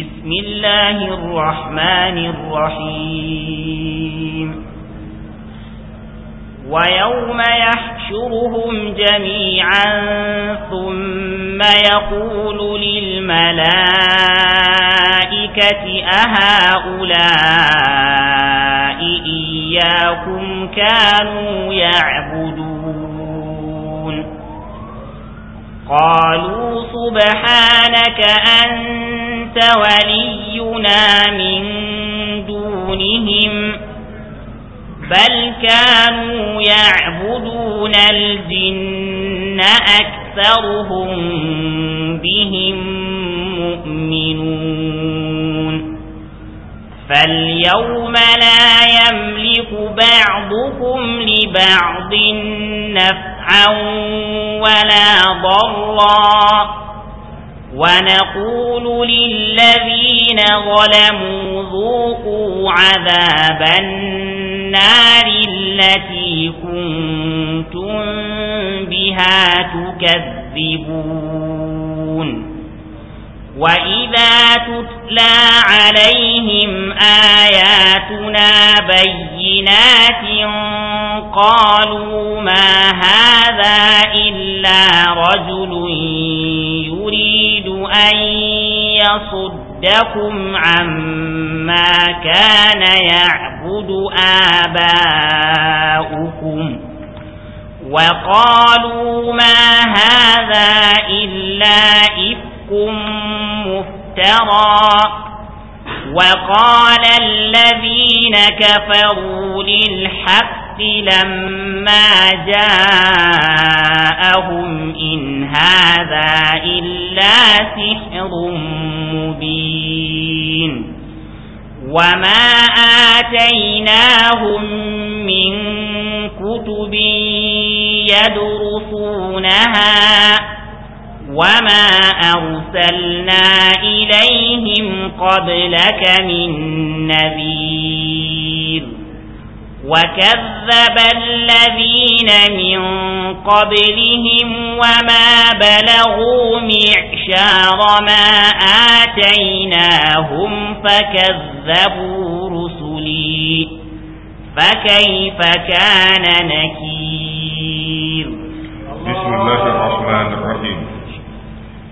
بسم الله الرحمن الرحيم ويوم يحشرهم جميعا ثم يقول للملائكة أهؤلاء إياكم كانوا يعبدون قالوا سبحانك أنت أنت ولينا من دونهم بل كانوا يعبدون الجن أكثرهم بهم مؤمنون فاليوم لا يملك بعضكم لبعض نفعا ولا ضرا ونقول للذين ظلموا ذوقوا عذاب النار التي كنتم بها تكذبون وإذا تتلى عليهم آياتنا بينات قالوا ما هذا إلا رجل يريد أن يصدكم عما كان يعبد آباؤكم وقالوا ما هذا إلا إفك مفترى وقال الذين كفروا للحق لما جاءهم إن هذا إلا سحر مبين وما آتيناهم من كتب يدرسونها وما أرسلنا إليهم قبلك من نذير وكذب الذين من قبلهم وما بلغوا معشار ما آتيناهم فكذبوا رسلي فكيف كان نكير بسم الله الرحمن الرحيم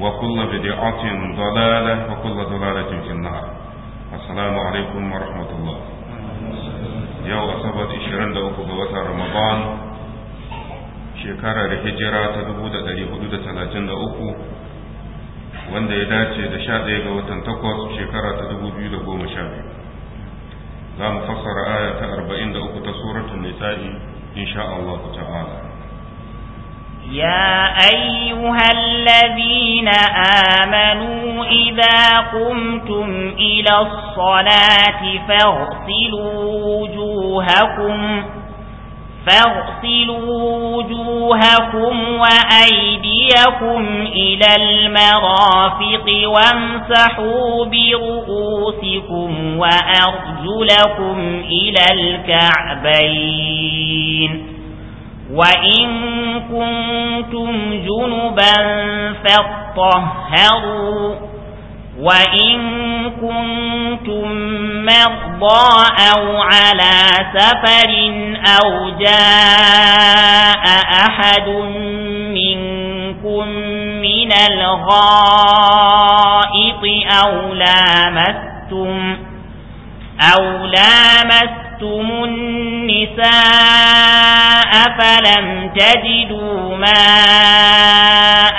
وكل بدعة ضلالة وكل ضلالة في النار السلام عليكم ورحمة الله يوم أصبت إشرين دوكو بوتا رمضان shekara da hijira ta dubu da ɗari hudu da talatin da uku wanda ya dace da sha ɗaya ga watan takwas shekara ta dubu biyu da goma sha biyu za mu fassara aya ta arba'in da uku ta suratun nisa'i insha Allah ta'ala يا أيها الذين آمنوا إذا قمتم إلى الصلاة فاغسلوا وجوهكم فاغسلوا وجوهكم وأيديكم إلى المرافق وامسحوا برؤوسكم وأرجلكم إلى الكعبين وإن كنتم جنبا فاطهروا وإن كنتم مرضى أو على سفر أو جاء أحد منكم من الغائط أو لامستم أو لامستم اتخذتم النساء فلم تجدوا ماء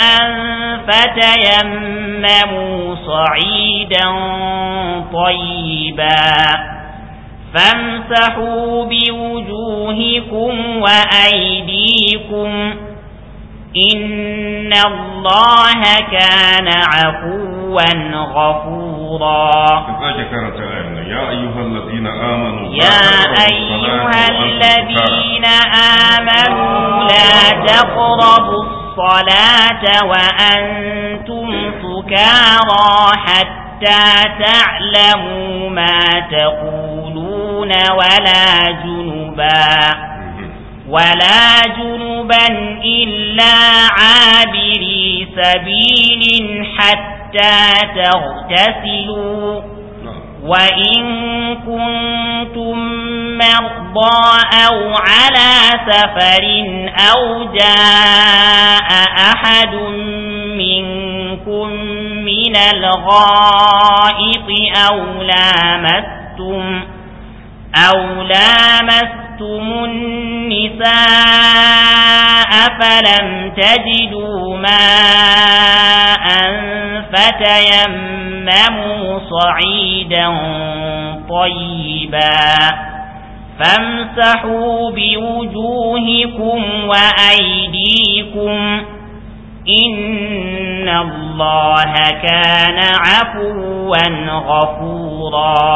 فتيمموا صعيدا طيبا فامسحوا بوجوهكم وأيديكم إن الله كان عفوا غفورا يا أيها الذين آمنوا يا أيها الذين آمنوا لا تقربوا الصلاة وأنتم سكارى حتى تعلموا ما تقولون ولا جنبا ولا جنبا إلا عابري سبيل حتى تغتسلوا نعم. وإن كنتم مرضى أو على سفر أو جاء أحد منكم من الغائط أو لامستم أو لامستم النساء فلم تجدوا ماء فتيمموا صعيدا طيبا فامسحوا بوجوهكم وأيديكم إن الله كان عفوا غفورا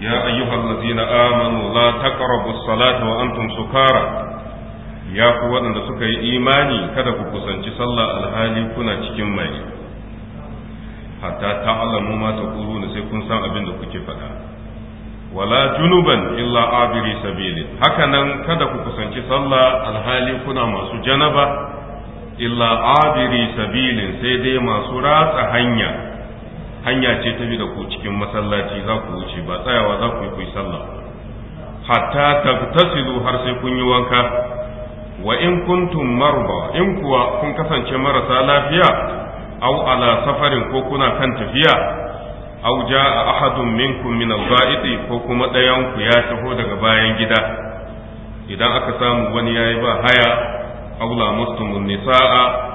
يا أيها الذين آمنوا لا تقربوا الصلاة وأنتم سكارى ya ku waɗanda suka yi imani kada ku kusanci sallah alhali kuna cikin mai hatta ta'lamu ma taquluna sai kun san abin da kuke faɗa wala junuban illa abiri sabili hakanan kada ku kusanci sallah alhali kuna masu janaba illa abiri sabilin sai dai masu ratsa hanya hanya ce ta bi da ku cikin masallaci za ku wuce ba tsayawa za ku yi ku yi sallah hatta tabtasilu har sai kun yi wanka wa in kuntum marba in kuwa kun kasance marasa lafiya aw ala safarin ko kuna kan tafiya aw jaa ahadun minkum min al-ba'idi ko kuma ɗayan ku ya taho daga bayan gida idan aka samu wani yayi ba haya aw la mustumun nisaa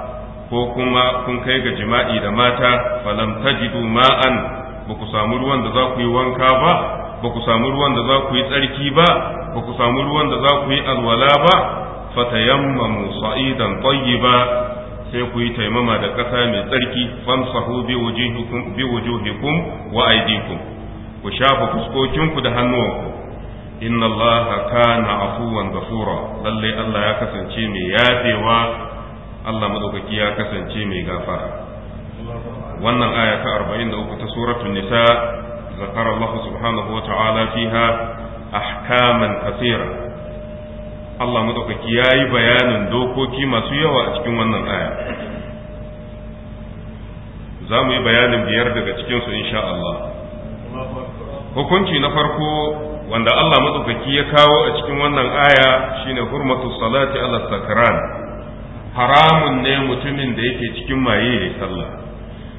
ko kuma kun kai ga jima'i da mata falam tajidu ma'an ba ku samu ruwan da za ku yi wanka ba ba ku samu ruwan da za ku yi tsarki ba ba ku samu ruwan da za ku yi alwala ba fatayammamu sa'idan ba? sai ku yi taimama da ƙasa mai tsarki famsahu bi wujuhikum wa aydikum ku shafa fuskokinku da hannuwanku inna allaha kana afuwan ghafura lalle Allah ya kasance mai yafewa Allah madaukaki ya kasance mai gafara wannan aya ta 43 ta suratul nisa zakara Allah subhanahu wa ta'ala fiha ahkaman kasira Allah madaukaki ya yi bayanin dokoki masu yawa a cikin wannan aya za mu yi bayanin biyar daga cikinsu insha Allah hukunci na farko wanda Allah madaukaki ya kawo a cikin wannan aya shine hurmatu salati ala sakran haramun ne mutumin da yake cikin maye ya sallah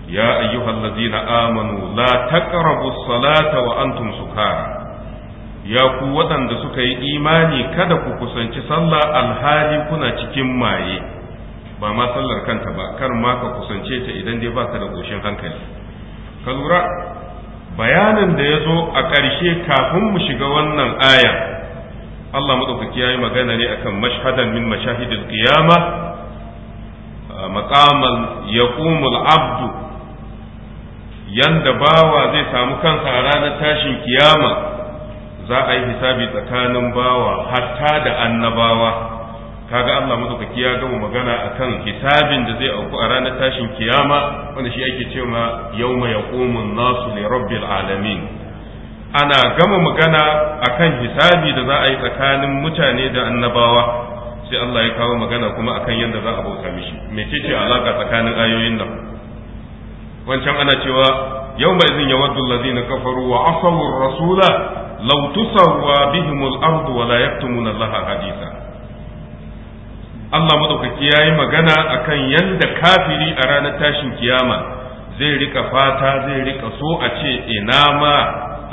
ya ayyuhal ladina amanu la taqrabu salata wa antum sukara ya ku waɗanda suka yi imani kada ku kusanci sallah alhali kuna cikin maye ba ma sallar kanta ba kar ma ka kusance ta idan dai baka da goshin hankali ka lura bayanin da ya zo a ƙarshe kafin mu shiga wannan aya Allah maɗaukaki ya yi magana ne akan mashhadan min mashahidil qiyama maqaman yaqumul abdu yanda bawa zai samu kansa a ranar tashin kiyama za a yi hisabi tsakanin bawa hatta da annabawa kaga Allah madaukaki ya gama magana akan hisabin da zai auku a ranar tashin kiyama wanda shi ake cewa yawma yaqumun nasu li rabbil alamin ana gama magana akan hisabi da za a yi tsakanin mutane da annabawa sai Allah ya kawo magana kuma akan yadda za a bauta mishi ce alaka tsakanin ayoyin nan wancan ana cewa yau mai zin yawaddu allazina kafaru wa asawu rasula law tusawwa bihim al-ard wa la yaktumuna Allah hadisa Allah madaukaki yayi magana akan yadda kafiri a ranar tashin kiyama zai rika fata zai rika so a ce ina ma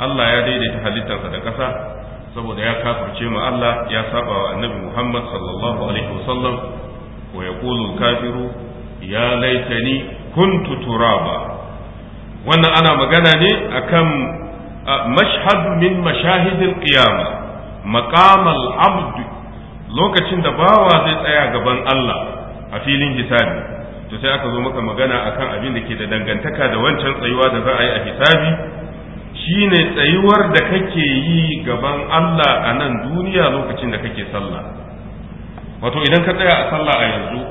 Allah ya daidaita halittarsa da ƙasa saboda ya kafirce mu Allah ya saba wa annabi Muhammad sallallahu alaihi wasallam wa yaqulu kafiru ya laitani kuntu turaba wannan ana magana ne akan mashhad min mashahidil qiyama maqamal abd lokacin da bawa zai tsaya gaban Allah a filin hisabi to sai aka zo maka magana akan abin da ke da dangantaka da wancan tsayuwa da za a yi a hisabi Shi ne tsayuwar da kake yi gaban Allah a nan duniya lokacin da kake sallah wato idan ka tsaya a sallah a yanzu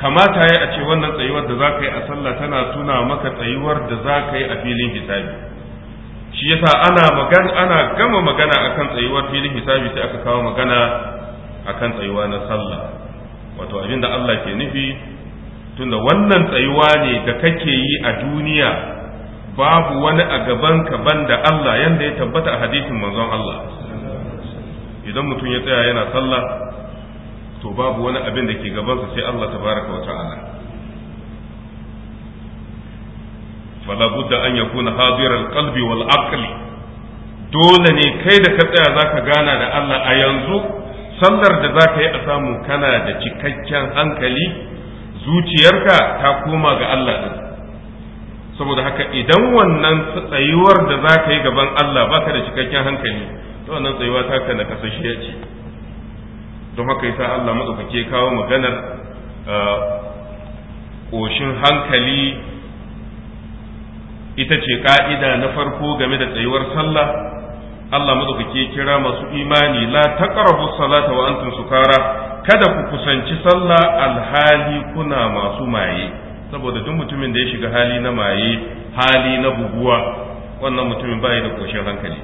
kamata ya a ce wannan tsayuwar da za ka yi a sallah tana tuna maka tsayuwar da za ka yi a filin hisabi shi yasa ana magana ana gama magana akan tsayuwar filin hisabi sai aka kawo magana akan tsayuwa na sallah wato abinda Allah ke nufi tunda wannan tsayuwa ne da kake yi a duniya babu wani a gaban gabanka banda Allah yanda ya tabbata a hadisin manzon Allah idan mutum ya tsaya yana sallah to babu wani abin da ke gabansa sai Allah tabaraka wa ta'ala fala budda an yakuna hadir alqalbi wal aqli dole ne kai da ka tsaya zaka gana da Allah a yanzu sallar da zaka yi a samu kana da cikakken hankali zuciyarka ta koma ga Allah din saboda haka idan wannan tsayuwar da za ka yi gaban Allah ba ka da cikakken hankali to wannan tsayuwa ta ka ya ce don haka sa Allah madaukake kawo maganar ah, ƙoshin hankali ita ce ka'ida na farko game da tsayuwar sallah Allah madaukake kira masu imani la taqrabu salata wa antum sukara kada ku kusanci sallah alhali kuna masu maye saboda duk mutumin da ya shiga hali na maye hali na buguwa wannan mutumin ba yi da koshin hankali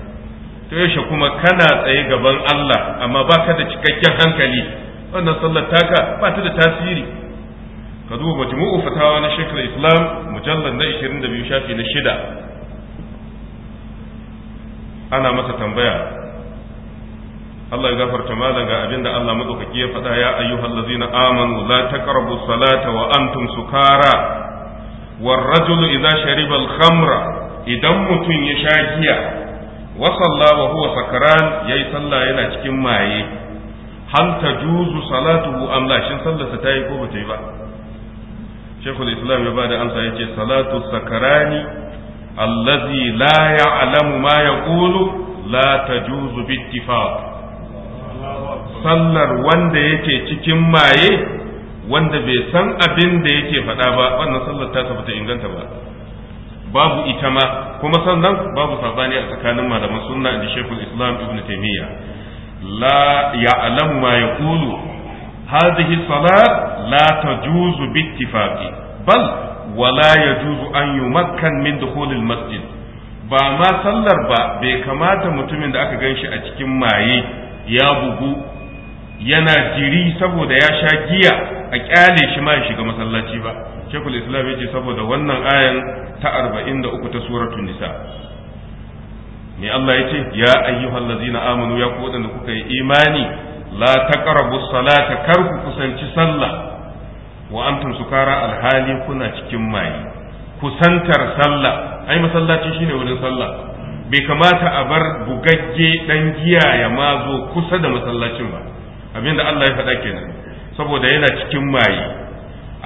to yaushe kuma kana tsaye gaban Allah amma ba ka da cikakken hankali wannan sallar taka ba ta da tasiri ka duba majmu'u fatawa na shekul islam mujallar na 22 shafi na shida ana masa tambaya Allah ya gafarta malam ga abin da Allah madaukaki ya faɗa ya ayyuhal na amanu la taqrabu salata wa antum sukara war rajulu idza shariba al-khamra idan mutun ya sha giya wa salla wa huwa sakaran yayi sallah yana cikin maye hal tajuzu salatuhu am la shin sallarsa tayi ko bata yi ba Sheikhul Islam ya bada amsa yace salatu sakarani allazi la ya'lamu ma yaqulu la tajuzu bi ittifaq sallar wanda yake cikin maye wanda bai san abin da yake faɗa ba wannan sallar ta tabbata inganta ba babu ita ma kuma sannan babu sabani a tsakanin malaman sunna da shekul islam ibn taimiyya la alam ma kulu hadhihi salat la tajuzu bi ittifaqi bal wala yajuzu an yumakkan min dukhul al masjid ba ma sallar ba bai kamata mutumin da aka ganshi a cikin maye ya bugu yana jiri saboda ya sha giya a kyale shi ma ya shiga masallaci ba shekul islam ya ce saboda wannan ayan ta arba'in da uku ta suratun nisa ne Allah ya ce ya ayyuhal hallazina amanu ya ku waɗanda kuka yi imani la taqrabu salata kar ku kusanci sallah wa antum sukara alhali kuna cikin mai kusantar sallah ai masallaci shine wurin sallah bai kamata a bar bugagge dan giya ya ma zo kusa da masallacin ba abinda Allah ya faɗa kenan saboda yana cikin maye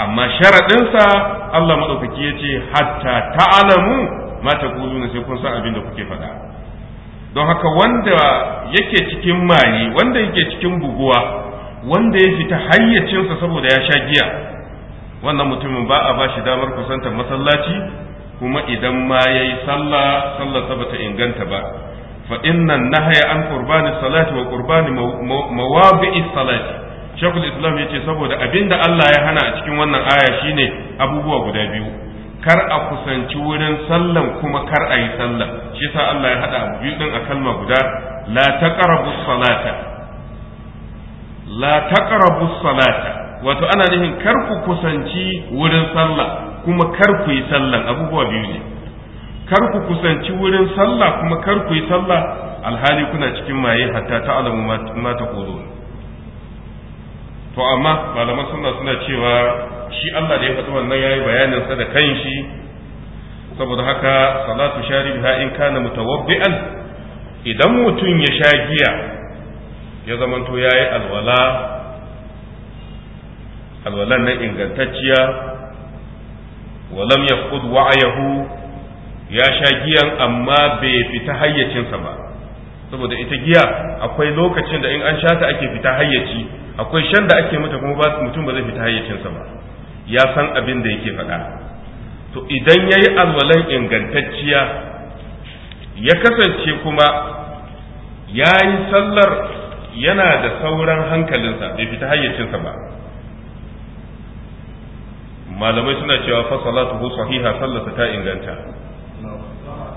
amma sharaɗinsa Allah maɗaukaki ya ce hatta ta'alamu ma ta na sai kun san abin da kuke faɗa don haka wanda yake cikin maye wanda yake cikin buguwa wanda ya fita hayyacinsa saboda ya sha giya wannan mutumin ba a ba shi damar kusantar masallaci kuma idan ma yayi sallah sallah sa bata inganta ba fa innan nahya an qurbani salati wa qurbani mawabi'i salati shekul islam yace saboda abinda Allah ya hana a cikin wannan aya shine abubuwa guda biyu kar a kusanci wurin sallan kuma kar a yi sallah shi yasa Allah ya hada abu biyu din a kalma guda la taqrabu salata la taqrabu salata wato ana nihin kar ku kusanci wurin sallah kuma kar ku yi sallan abubuwa biyu ne kar ku kusanci wurin sallah kuma kar ku yi sallah alhali kuna cikin maye hatta ta alamu ma taqulun to amma malaman sunna suna cewa shi Allah da ya faɗi wannan yayi bayanin sa da kanshi saboda haka salatu ha in kana mutawabbi'an idan mutum ya sha giya ya zamanto yayi alwala alwalan nan ingantacciya walam يفقد وعيه ya sha giyan amma bai fita hayyacinsa ba saboda ita giya akwai lokacin da in an shata ake fita hayyaci akwai shan da ake mata kuma mutum ba zai fita hayyacinsa ba ya san abin da yake faɗa to idan ya yi alwalan ingantacciya ya kasance kuma ya yi sallar yana da sauran hankalinsa bai fita hayyacinsa ba malamai suna cewa fa salatuhu sahiha sallata ta inganta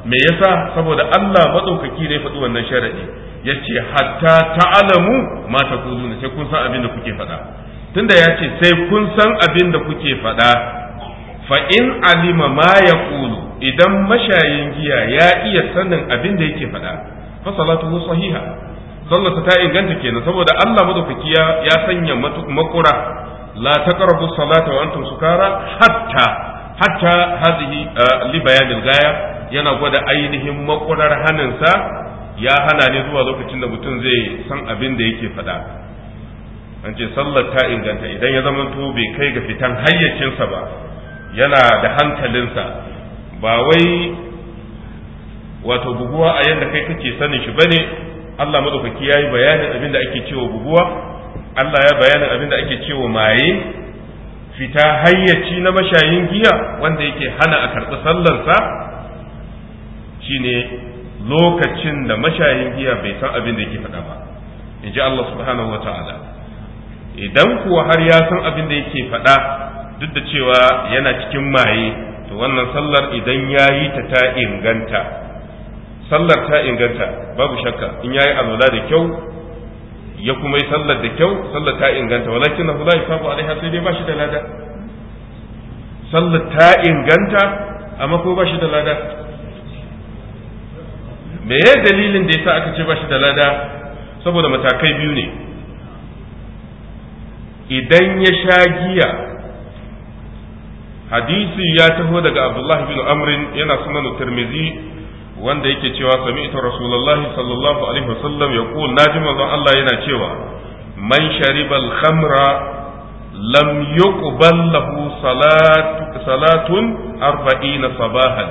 me yasa saboda Allah madaukaki ne faɗi wannan sharadi yace hatta ta'lamu ma taquluna sai kun san abin da kuke faɗa tunda yace sai kun san abin da kuke faɗa fa in alima ma yaqulu idan mashayin giya ya iya sanin abin da yake faɗa fa salatuhu sahiha sallata ta inganta kenan saboda Allah madaukaki ya sanya makura لا taqrabu الصلاة وأنتم antum حتى hatta hatta لبيان الغاية yana gwada ainihin makurar hannunsa, ya hana ne zuwa lokacin da mutum zai san abin da yake faɗa an ce sallar ta inganta idan ya zama to bai kai ga fitan hayyacinsa ba yana da hankalinsa ba wai wato buguwa a yadda kai kake sanin shi bane Allah ya yi bayanin abin da ake cewa buguwa Allah ya bayanin abin da ake cewa maye fita hayyaci na mashayin giya wanda yake hana a karɓi sallarsa shine lokacin da mashayin giya bai san abin da yake faɗa ba in ji Allah subhanahu wa ta'ala idan kuwa har ya san abin da yake faɗa duk da cewa yana cikin maye to wannan sallar idan ya yi ta ta inganta sallar ta inganta babu shakka in ya yi alwala da kyau ya kuma yi sallar da kyau sallar ta inganta walakin na la yusabu a sai dai ba shi da lada sallar ta inganta amma ko ba shi da lada me ya dalilin da ya sa aka ce ba shi da lada saboda matakai biyu ne idan ya sha giya hadisi ya taho daga Abdullahi bin amrin yana sunanu tirmizi wanda yake cewa sami'tu rasulullahi sallallahu alaihi wasallam yaqul naji manzon Allah yana cewa man sharibal khamra lam yuqbal lahu salatu salatun arba'ina sabahan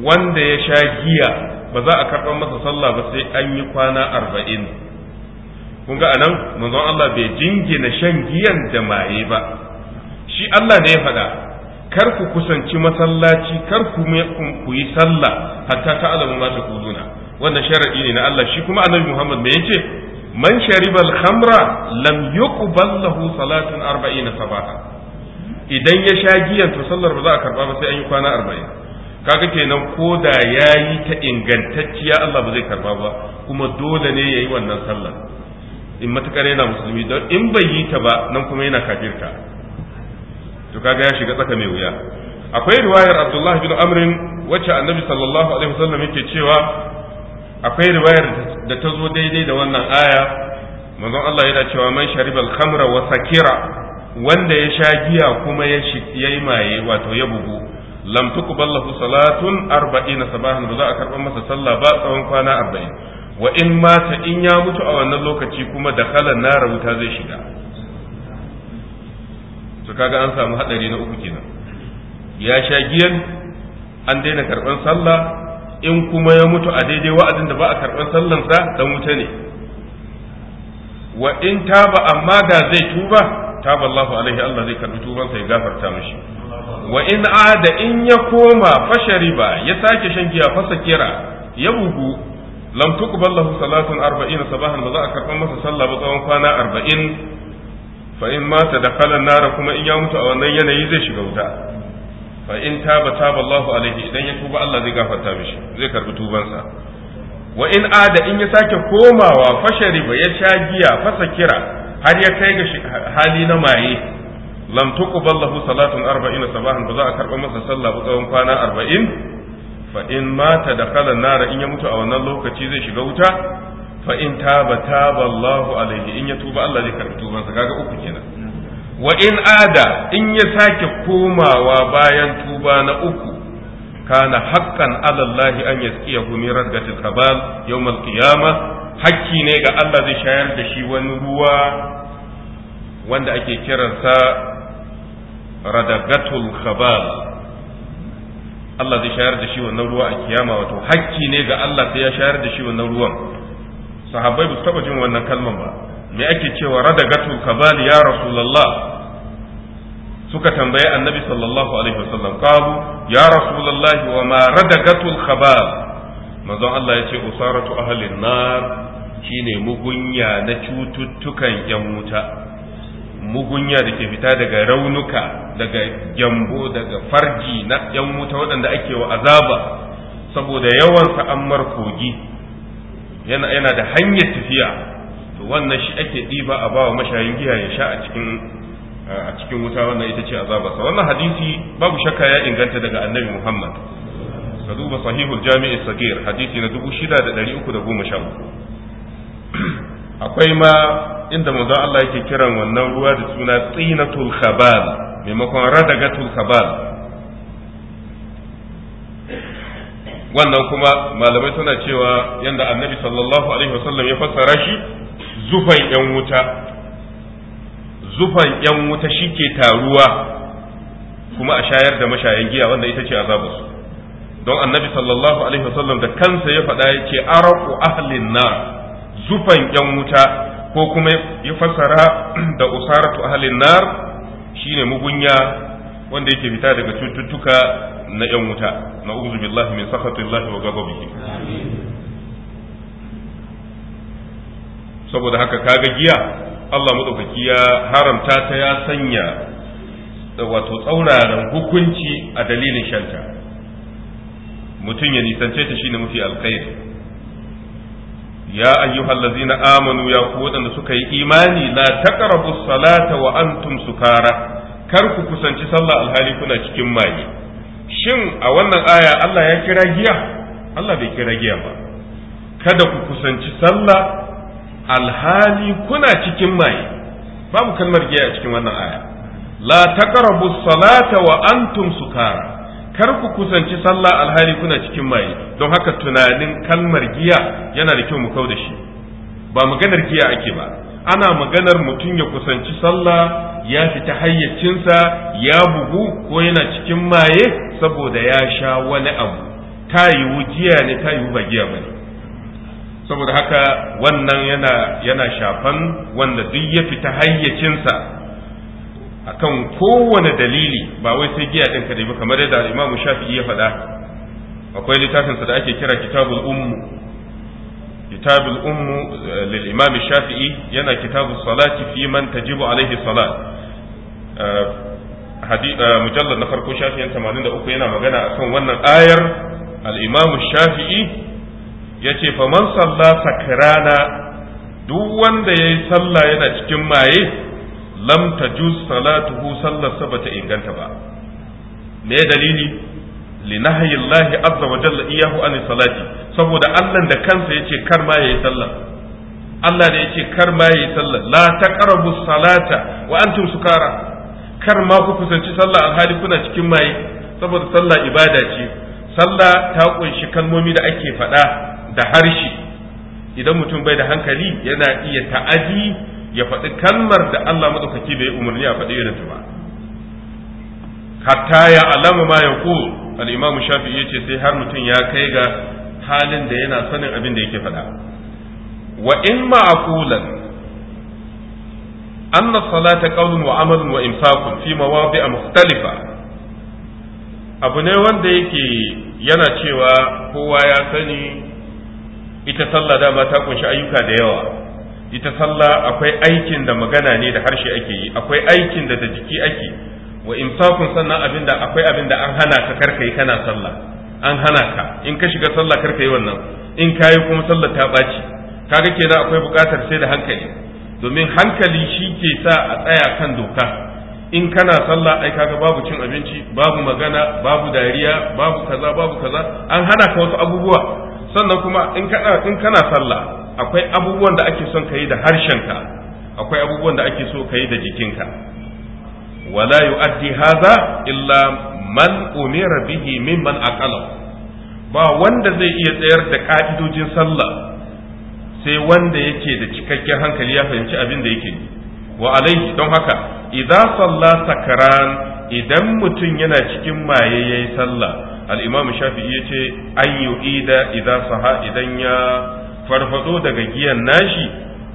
wanda ya sha giya ba za a karɓar masa sallah ba sai an yi kwana arba'in kun ga anan manzon Allah bai jingina shan giyan da maye ba shi Allah ne ya faɗa kar ku kusanci masallaci kar ku yi sallah hatta alamu ma taquluna wannan sharadi ne na Allah shi kuma annabi Muhammad me yace man shariba al-khamra lam yuqbal lahu salatun 40 sabaha idan ya sha giyan to sallar ba za a karba ba sai an yi kwana 40 kaga kenan ko da yayi ta ingantacciya Allah ba zai karba ba kuma dole ne yayi wannan sallar in matukar yana musulmi don in bai yi ta ba nan kuma yana kafirta to kaga ya shiga tsaka mai wuya akwai riwayar abdullahi bin amrin wacce annabi sallallahu alaihi wasallam yake cewa akwai riwayar da ta zo daidai da wannan aya manzon Allah yana cewa man shariba al-khamra wa sakira wanda ya sha giya kuma ya yayi maye wato ya bugu lam tuqbal lahu salatun 40 sabahan ba za a karban masa sallah ba tsawon kwana arba'in. wa in mata in ya mutu a wannan lokaci kuma da kalan nara wuta zai shiga to kaga an samu hadari na uku kenan ya sha giyan an daina karban sallah in kuma ya mutu a daidai wa'azin da ba a karban sallansa dan wuta ne wa in taba amma da zai tuba taba Allahu alaihi Allah zai karbi tubansa ya gafarta mishi wa in ada in ya koma fashariba ya sake shan giya fasa kera ya bugu lam tuqbal lahu salatun arba'in sabahan ba za a karɓar masa sallah ba tsawon kwana arba'in fa in mata da kalan nara kuma in ya mutu a wannan yanayi zai shiga wuta fa in taba taba Allahu alaihi idan ya tuba Allah zai gafarta mishi zai karbi tubansa wa in ada in ya sake komawa fa shariba ya sha giya fasa kira, har ya kai ga hali na maye lam tuqbal lahu salatun 40 sabahan ba za a karba masa sallah ba tsawon kwana arba'in? fa in mata da kalan nara in ya mutu a wannan lokaci zai shiga wuta fa in taba taba Allahu alaihi in ya tuba Allah zai karbi sa, kaga uku kenan wa in ada in ya sake komawa bayan tuba na uku kana haqqan ala Allah an yasqiyahu min raddatil kabal yawm al-qiyamah hakki ne ga Allah zai shayar da shi wani ruwa wanda ake kiransa radagatul khabal Allah zai shayar da shi wannan ruwa a kiyama wato hakki ne ga Allah sai ya shayar da shi wannan ruwan sahabbai ba su taba jin wannan kalman ba me ake cewa radagatul kabal ya rasulullah suka tambaye annabi sallallahu alaihi wasallam qalu ya rasulullah wa ma radagatul kabal manzon Allah yace usaratu ahlin nar shine mugunya na cututtukan yan wuta mugunya da ke fita daga raunuka daga gyambo daga farji na yan wuta waɗanda ake wa azaba saboda yawan sa'ammar kogi yana da hanyar tafiya to wannan shi ake ɗiba a bawa mashayin giya ya sha a cikin a cikin wuta wannan ita ce azabarsa wannan hadisi babu shakka ya inganta daga annabi muhammad ka duba sahihul jami'i sagir hadisi na 6313 akwai ma inda manzo Allah yake kiran wannan ruwa da suna tsinatul khabal maimakon radagatul khabal wannan kuma malamai suna cewa yadda annabi sallallahu alaihi wasallam ya fassara shi zufan yan wuta zufan yan wuta shike taruwa kuma a shayar da mashayan giya wanda ita ce azabarsu don annabi sallallahu alaihi wasallam da kansa ya faɗa ya ce araku ahlin nar zufan yan wuta ko kuma ya fassara da usaratu ahlin nar shine mugunya wanda yake fita daga cututtuka na yan wuta na uzu billahi min sakhatillahi wa ghadabihi saboda haka kaga giya Allah madaukaki ya haramta ta ya sanya wato tsauraran hukunci a dalilin shanta mutum ya nisance ta shine mafi alkhairi ya na amanu ya ku waɗanda suka yi imani la taqrabu salata wa antum sukara kar ku kusanci sallah alhali kuna cikin maye shin a wannan aya Allah ya kira giya Allah bai kira giya ba kada ku kusanci sallah alhali kuna cikin maye babu kalmar giya a cikin wannan aya la taqrabu salata wa antum sukara kar ku kusanci sallah alhali kuna cikin maye don haka tunanin kalmar giya yana da kyau mu kau da shi ba maganar giya ake ba ana maganar mutum ya kusanci sallah ya fita hayyacinsa ya bugu ko yana cikin maye saboda ya sha wani abu ta yiwu jiya ne ta yiwu ba giya ba saboda haka wannan yana yana shafan wanda duk ya fita hayyacinsa akan kowane dalili ba wai sai giya ɗin kadai ba kamar yadda imamu shafi'i ya faɗa akwai littafinsa da ake kira kitabul ummu كتاب الأم للإمام الشافعي ينا كتاب الصلاة في من تجب عليه الصلاة مجلد نفر كو شافعي ثمانين أكو ينا مغانا أكون ونن آير الإمام الشافعي يتي فمن صلى سكرانا duk wanda ya yi sallah yana cikin maye lam ta juz salatuhu sallarsa bata inganta ba me dalili li nahyillahi azza wa jalla iyahu an salati saboda Allah da kansa yace kar ma yayi sallah Allah da yace kar ma yayi sallah la taqrabu salata wa antum sukara kar ma ku kusanci sallah alhali kuna cikin maye saboda sallah ibada ce sallah ta kunshi kalmomi da ake faɗa da harshe idan mutum bai da hankali yana iya ta'aji ya faɗi kalmar da Allah madaukaki bai umarni a faɗi irin ta ba hatta ya alama ma yaqul al-imam shafi'i yace sai har mutum ya kai ga halin da yana sanin abin da yake faɗa wa in an anna salata qawlun wa amalun wa infaqun fi mawadi'a mukhtalifa abu ne wanda yake yana cewa kowa ya sani ita sallah dama ta kunshi ayyuka da yawa ita sallah akwai aikin da magana ne da harshe ake yi akwai aikin da da jiki ake wa infaqun sannan abinda akwai abinda an hana ka karkai kana sallah an hana ka in ka shiga sallah karka yi wannan in ka yi kuma sallah ta ɓaci kaga kenan akwai buƙatar sai da hankali domin hankali shi ke sa a tsaya kan doka in kana sallah ai kaga babu cin abinci babu magana babu dariya babu kaza babu kaza an hana ka wasu abubuwa sannan kuma in kana in kana sallah akwai abubuwan da ake son ka yi da ka, akwai abubuwan da ake so ka yi da jikinka wala yu'addi hadha illa man umira bihi mimman aqala ba wanda zai iya tsayar da ka'idojin sallah sai wanda yake da cikakken hankali ya fahimci abin da yake wa alaihi don haka idza salla sakran idan mutum yana cikin maye yayi sallah al-imam shafi'i yace an yu'ida idza saha idan ya farfado daga giyan nashi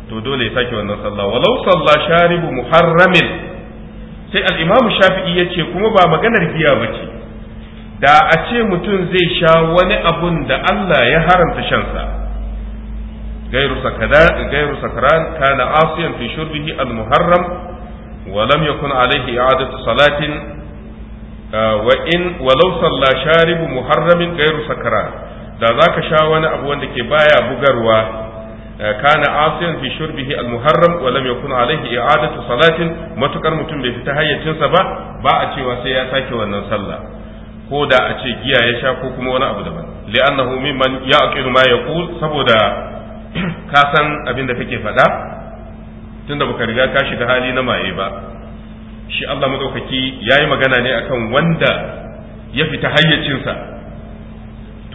to dole ya sake wannan sallah walau salla sharibu muharramin sai al'imamu shafi'i ya ce kuma ba maganar giya ba ce da a ce mutum zai sha wani abun da Allah ya haramta shansa gairu sakaran kana asiyan fi shurbihi al-muharram wa lam yakun alaihi i'adatu salatin ah, wa in walau salla sharibu muharramin gairu sakaran da zaka sha wani abu wanda ke baya bugarwa Eh, kana asiyan fi shurbihi almuharram wa lam yakun alaihi adatu salatin matukar mutum bai fita hayyacinsa ba ba a cewa sai ya sake wannan sallah ko da a ce giya ya sha ko kuma wani abu daban li'annahu mimman ya'qilu ma yaqul saboda ka san abin da kake faɗa tunda baka riga ka shiga hali na maye ba shi Allah madaukaki yayi magana ne akan wanda ya fita hayyacinsa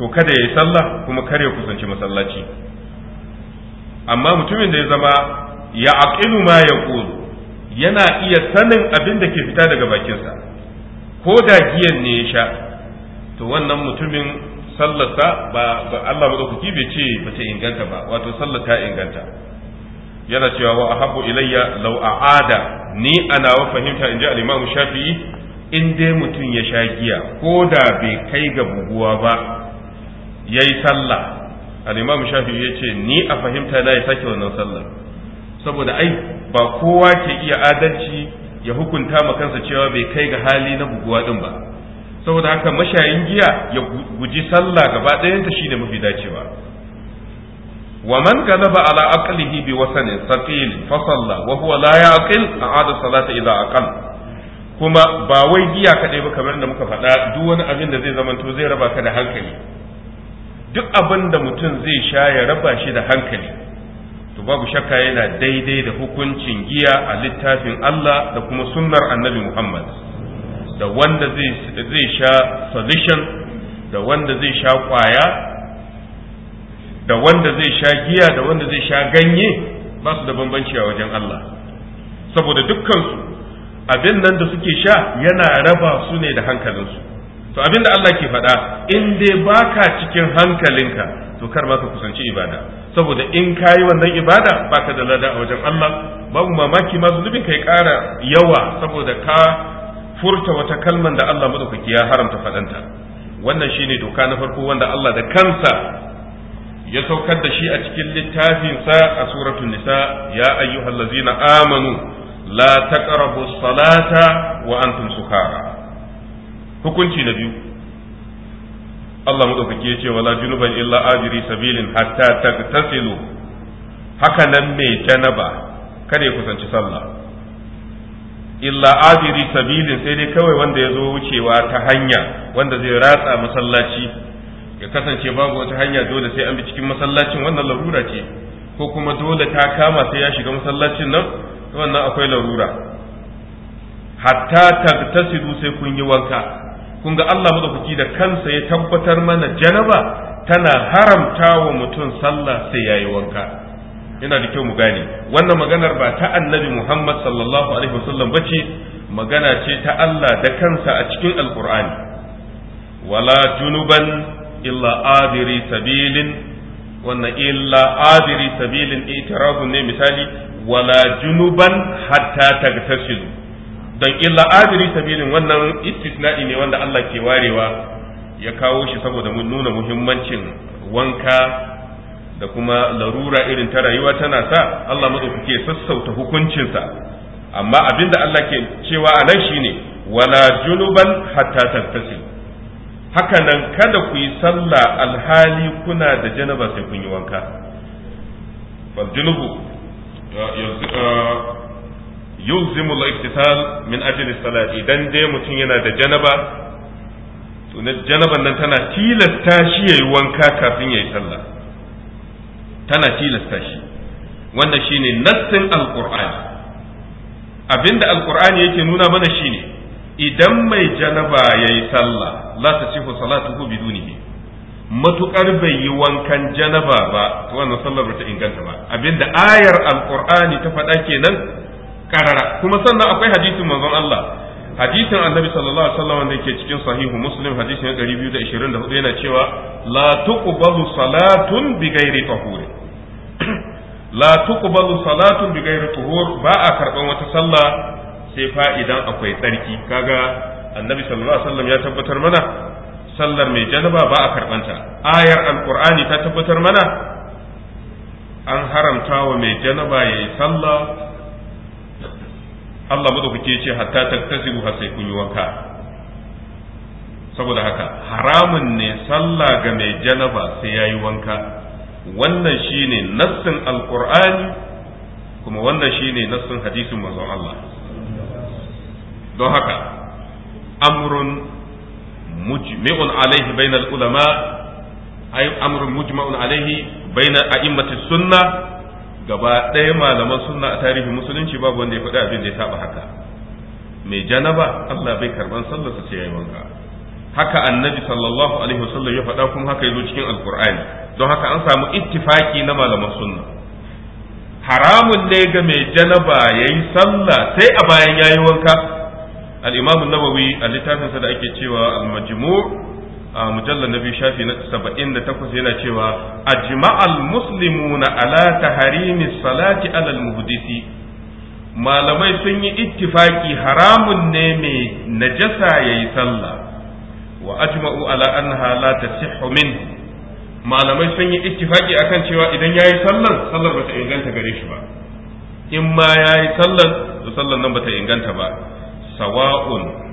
to kada ya yi sallah kuma kar ya kusanci masallaci amma mutumin da ya zama ya aqilu ma yaqulu yana iya sanin abin da ke fita daga bakinsa ko da giyan ne ya sha to wannan mutumin sallarsa ba ba Allah madaukaki bai ce ba ta inganta ba wato sallar ta inganta yana cewa wa ahabbu ilayya law a'ada ni ana wa fahimta inji al-Imam Shafi'i in dai mutum ya sha giya ko da bai kai ga buguwa ba yayi sallah al-imam ya ce ni a fahimta na ya sake wannan sallar saboda ai ba kowa ke iya adalci ya hukunta ma kansa cewa bai kai ga hali na buguwa din ba saboda haka mashayin giya ya guji sallah gaba ɗayan ta shine mafi dacewa wa man kadaba ala aqlihi bi wasanin saqil fa salla wa huwa la yaqil a'ada salata idza aqal kuma ba wai giya kaɗai ba kamar da muka faɗa duk wani abin da zai zamanto zai raba ka da hankali duk abin da mutum zai sha ya raba shi da hankali to babu shakka yana daidai da hukuncin giya a littafin Allah da kuma sunnar annabi Muhammad da wanda zai sha solution da wanda zai sha kwaya da wanda zai sha giya da wanda zai sha ganye ba su da bambanci a wajen Allah saboda dukkansu abin nan da suke sha yana raba su ne da hankalinsu to abinda Allah ke faɗa in dai baka cikin hankalinka to kar ma ka kusanci ibada saboda in kayi wannan ibada baka da lada a wajen Allah babu mamaki ma zunubin kai ƙara yawa saboda ka furta wata kalman da Allah madaukaki ya haramta faɗanta wannan shine doka na farko wanda Allah da kansa ya saukar da shi a cikin littafinsa a suratun nisa ya ayyuhallazina amanu la taqrabu salata wa antum sukara hukunci na biyu Allah madaukaki ya ce wala junuban illa ajri sabilin hatta tagtasilu haka nan mai janaba kada ya kusanci sallah illa ajri sabilin sai dai kawai wanda ya zo wucewa ta hanya wanda zai ratsa masallaci ya kasance babu wata hanya dole sai an bi cikin masallacin wannan larura ce ko kuma dole ta kama sai ya shiga masallacin nan wannan akwai larura hatta tagtasilu sai kun yi wanka kun ga Allah madaukaki da kansa ya tabbatar mana janaba tana haramta wa mutum sallah sai yayi wanka yana da kyau mu gane wannan maganar ba ta annabi Muhammad sallallahu alaihi wasallam bace magana ce ta Allah da kansa a cikin alqur'ani wala junuban illa adiri sabilin wannan illa adiri sabilin itirafun ne misali wala junuban hatta tagtasilu don illa adiri sabilin wannan istisna'i ne wanda Allah ke warewa ya kawo shi saboda mun nuna muhimmancin wanka da kuma larura irin ta rayuwa tana sa Allah ke sassauta hukuncinsa amma abinda Allah ke cewa a nan shine wala junuban hatta tattasil haka nan kada ku yi sallah alhali kuna da janaba sai kun yi wanka fal junubu ah, yuzimul iftital min ajli salat idan dai mutum yana da janaba to janaban nan tana tilasta shi yayi wanka kafin yayi sallah tana tilasta shi wannan shine nassin alqur'ani abinda alqur'ani yake nuna mana shine idan mai janaba yayi sallah la tasihu salatuhu bidunihi matukar bai yi wankan janaba ba to wannan sallar ta inganta ba abinda ayar alqur'ani ta faɗa kenan karara kuma sannan akwai hadisin manzon Allah hadisin annabi sallallahu alaihi wasallam wanda yake cikin sahihu muslim hadisin 224 yana cewa la tuqbalu salatun ghairi tahur la tuqbalu salatun ghairi tahur ba a karban wata sallah sai fa idan akwai tsarki kaga annabi sallallahu alaihi wasallam ya tabbatar mana sallar mai janaba ba a karbanta ayar alqur'ani ta tabbatar mana an haramta wa mai janaba yayi sallah Allah madaukake ya ce hatta taktasibu har sai kun yi wanka saboda haka haramun ne sallah ga mai janaba sai yayi wanka wannan shine nassin alqur'ani kuma wannan shine nassin hadisin manzo Allah don haka amrun mujmi'un alaihi bainal ulama ay amrun mujma'un alaihi bainal a'immatis sunnah gaba ɗaya malaman sunna a tarihi musulunci babu wanda ya faɗi abin da ya saba haka mai janaba Allah bai karban sallarsa sai yi wanka haka annabi sallallahu alaihi wasallam ya faɗa kuma haka yazo cikin alqur'ani don haka an samu ittifaki na malaman sunna haramun ne ga mai janaba yayi sallah sai a bayan yayi wanka al-imam an-nawawi a littafinsa da ake cewa al-majmu' mujallar na biyu shafi na saba'in da takwas yana cewa ajma'al muslimuna ala taharimi salati alal muhdisi malamai sun yi ittifaki haramun ne mai najasa yayi sallah wa ajma'u ala annaha la tasihhu min malamai sun yi ittifaki akan cewa idan yayi yi sallar bata inganta gare shi ba in ma yayi sallar to sallar nan bata inganta ba sawa'un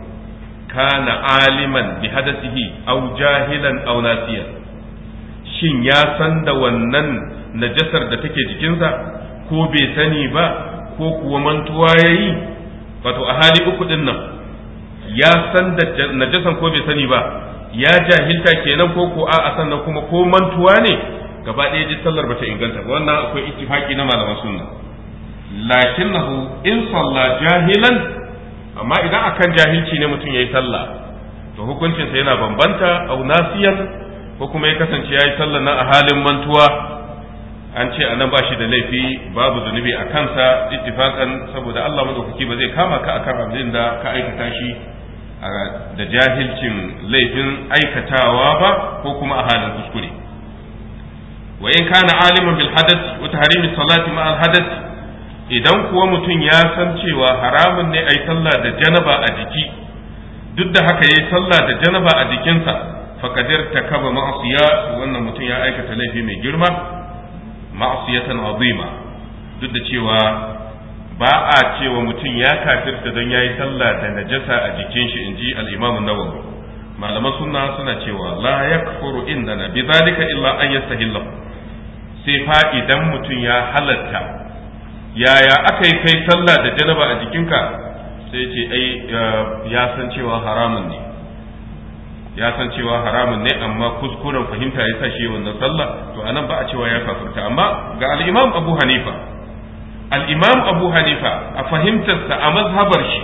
kana aliman بحدثه او جاهلا jahilan ناسيا shin ya san da wannan najasar da take jikinsa ko bai sani ba ko kuwa mantuwa yayi wato a hali uku din nan ya san da najasan ko bai sani ba ya jahilta kenan ko ko a sannan kuma ko mantuwa ne gaba ɗaya ji sallar bata inganta ba wannan akwai ittifaqi na malaman sunna lakinnahu in salla jahilan amma idan akan jahilci ne mutum yayi sallah to hukuncinsa yana bambanta au nasiyan ko kuma ya kasance yayi sallah na a halin mantuwa an ce anan ba shi da laifi babu zunubi a kansa ittifakan saboda Allah madaukaki ba zai kama ka akan abin da ka aikata shi da jahilcin laifin aikatawa ba ko kuma a halin kuskure wa in kana aliman bil hadath wa tahrimi salati ma al hadath idan kuwa mutum ya san cewa haramun ne a yi sallah da janaba a jiki duk da haka ya yi sallah da janaba a jikinsa fakadir ta kaba ma'asiya wannan mutum ya aikata laifi mai girma ma'asiyatan azima duk da cewa ba a cewa mutum ya kafirta don ya yi sallah da najasa a jikin shi in ji al'imamun nawawi malaman sunna suna cewa la inda na bi zalika illa an yastahillahu sai fa idan mutum ya halatta yaya aka yi kai sallah da janaba a jikinka sai ce ai ya san cewa haramun ne ya san cewa haramun ne amma kuskuren fahimta ya sa shi wannan sallah to anan ba a cewa ya kafirta amma ga al-Imam Abu Hanifa al-Imam Abu Hanifa a fahimtarsa a mazhabar shi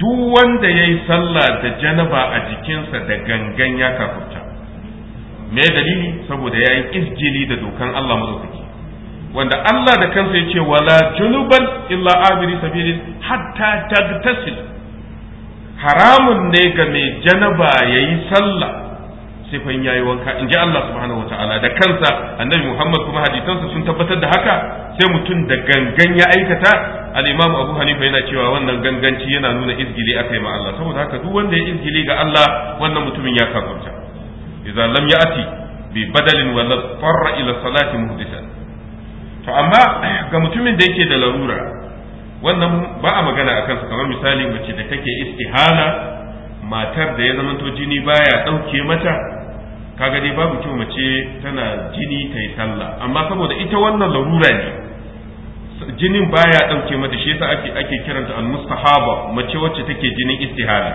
duk wanda yayi sallah da janaba a jikinsa da gangan ya kafirta me dalili saboda yayi izgili da dokan Allah mazaukaki wanda Allah da kansa ya ce wala junuban illa abiri sabili hatta tagtasil haramun ne ga mai janaba yayi sallah sai fa yayi wanka inji Allah subhanahu wataala da kansa annabi Muhammad kuma hadisansa sun tabbatar da haka sai mutum da gangan ya aikata al-Imam Abu Hanifa yana cewa wannan ganganci yana nuna izgili akai ma Allah saboda haka duk wanda ya izgili ga Allah wannan mutumin ya kafarta idan lam ya'ti bi badalin wala farra ila salati muhdisan to amma ga mutumin da yake da larura wannan ba a magana a kansa kamar misali mace da take istihala matar da ya zamanto jini baya ɗauke mata kaga dai babu kyau mace tana jini ta yi sallah amma saboda ita wannan larura ne jinin baya ɗauke mata shi yasa ake ake kiranta al-mustahaba mace wacce take jinin istihala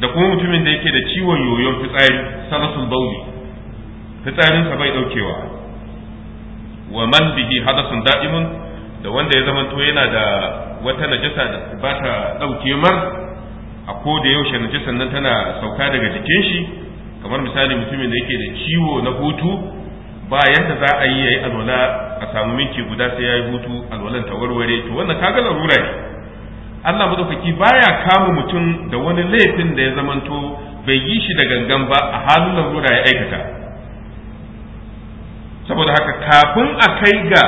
da kuma mutumin da yake da ciwon yoyon fitsari salasul bauli sa bai ɗaukewa wa man bihi hadathun da'imun da wanda ya zamanto yana da wata najasa da ba ta dauke mar a ko da yaushe najasan nan tana sauka daga jikin shi kamar misali mutumin da yake da ciwo na hutu ba yadda za a yi yayi alwala a samu minti guda sai yayi hutu alwalan ta warware to wannan kaga larura ne Allah madaukaki baya kama mutum da wani laifin da ya zamanto bai yi shi da gangan ba a halin larura ya aikata saboda haka kafin a kai ga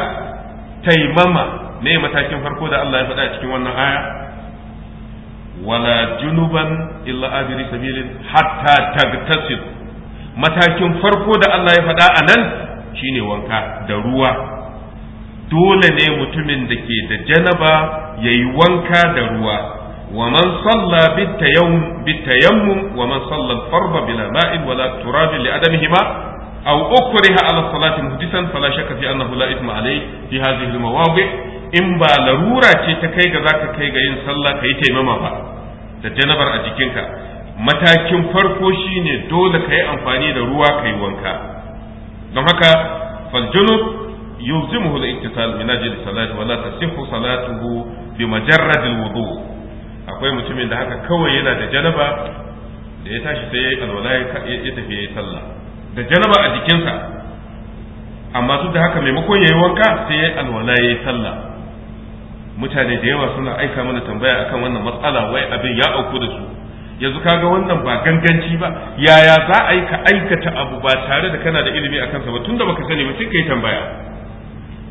taimama ne matakin farko da Allah ya faɗa cikin wannan aya wala junuban illa abiri sabilin hatta tagtasil matakin farko da Allah ya faɗa a nan shine wanka da ruwa dole ne mutumin da ke da janaba ya yi wanka da ruwa wa man salla bitayammum wa man salla farba bila ma'in wala turabi li adamihima aw ukriha ala salati muhdisan fala shakka fi annahu la ithma alayhi fi hadhihi in ba larura ce ta kai ga zaka kai ga yin sallah kai taimama ba da janabar a jikinka matakin farko shine dole kai amfani da ruwa kai wanka don haka fal junub يلزمه الاتصال من اجل الصلاه ولا تصح صلاته بمجرد الوضوء akwai mutumin da haka kawai yana da janaba da ya tashi sai alwala ya tafi yayi sallah da janaba a jikinsa amma duk da haka maimakon yayi wanka sai yayi alwala yayi sallah mutane da yawa suna aika mana tambaya akan wannan matsala wai abin ya auku da su yanzu kaga wannan ba ganganci ba yaya za a yi ka aikata abu ba tare da kana da ilimi a kansa ba tunda baka sani ba sai ka yi tambaya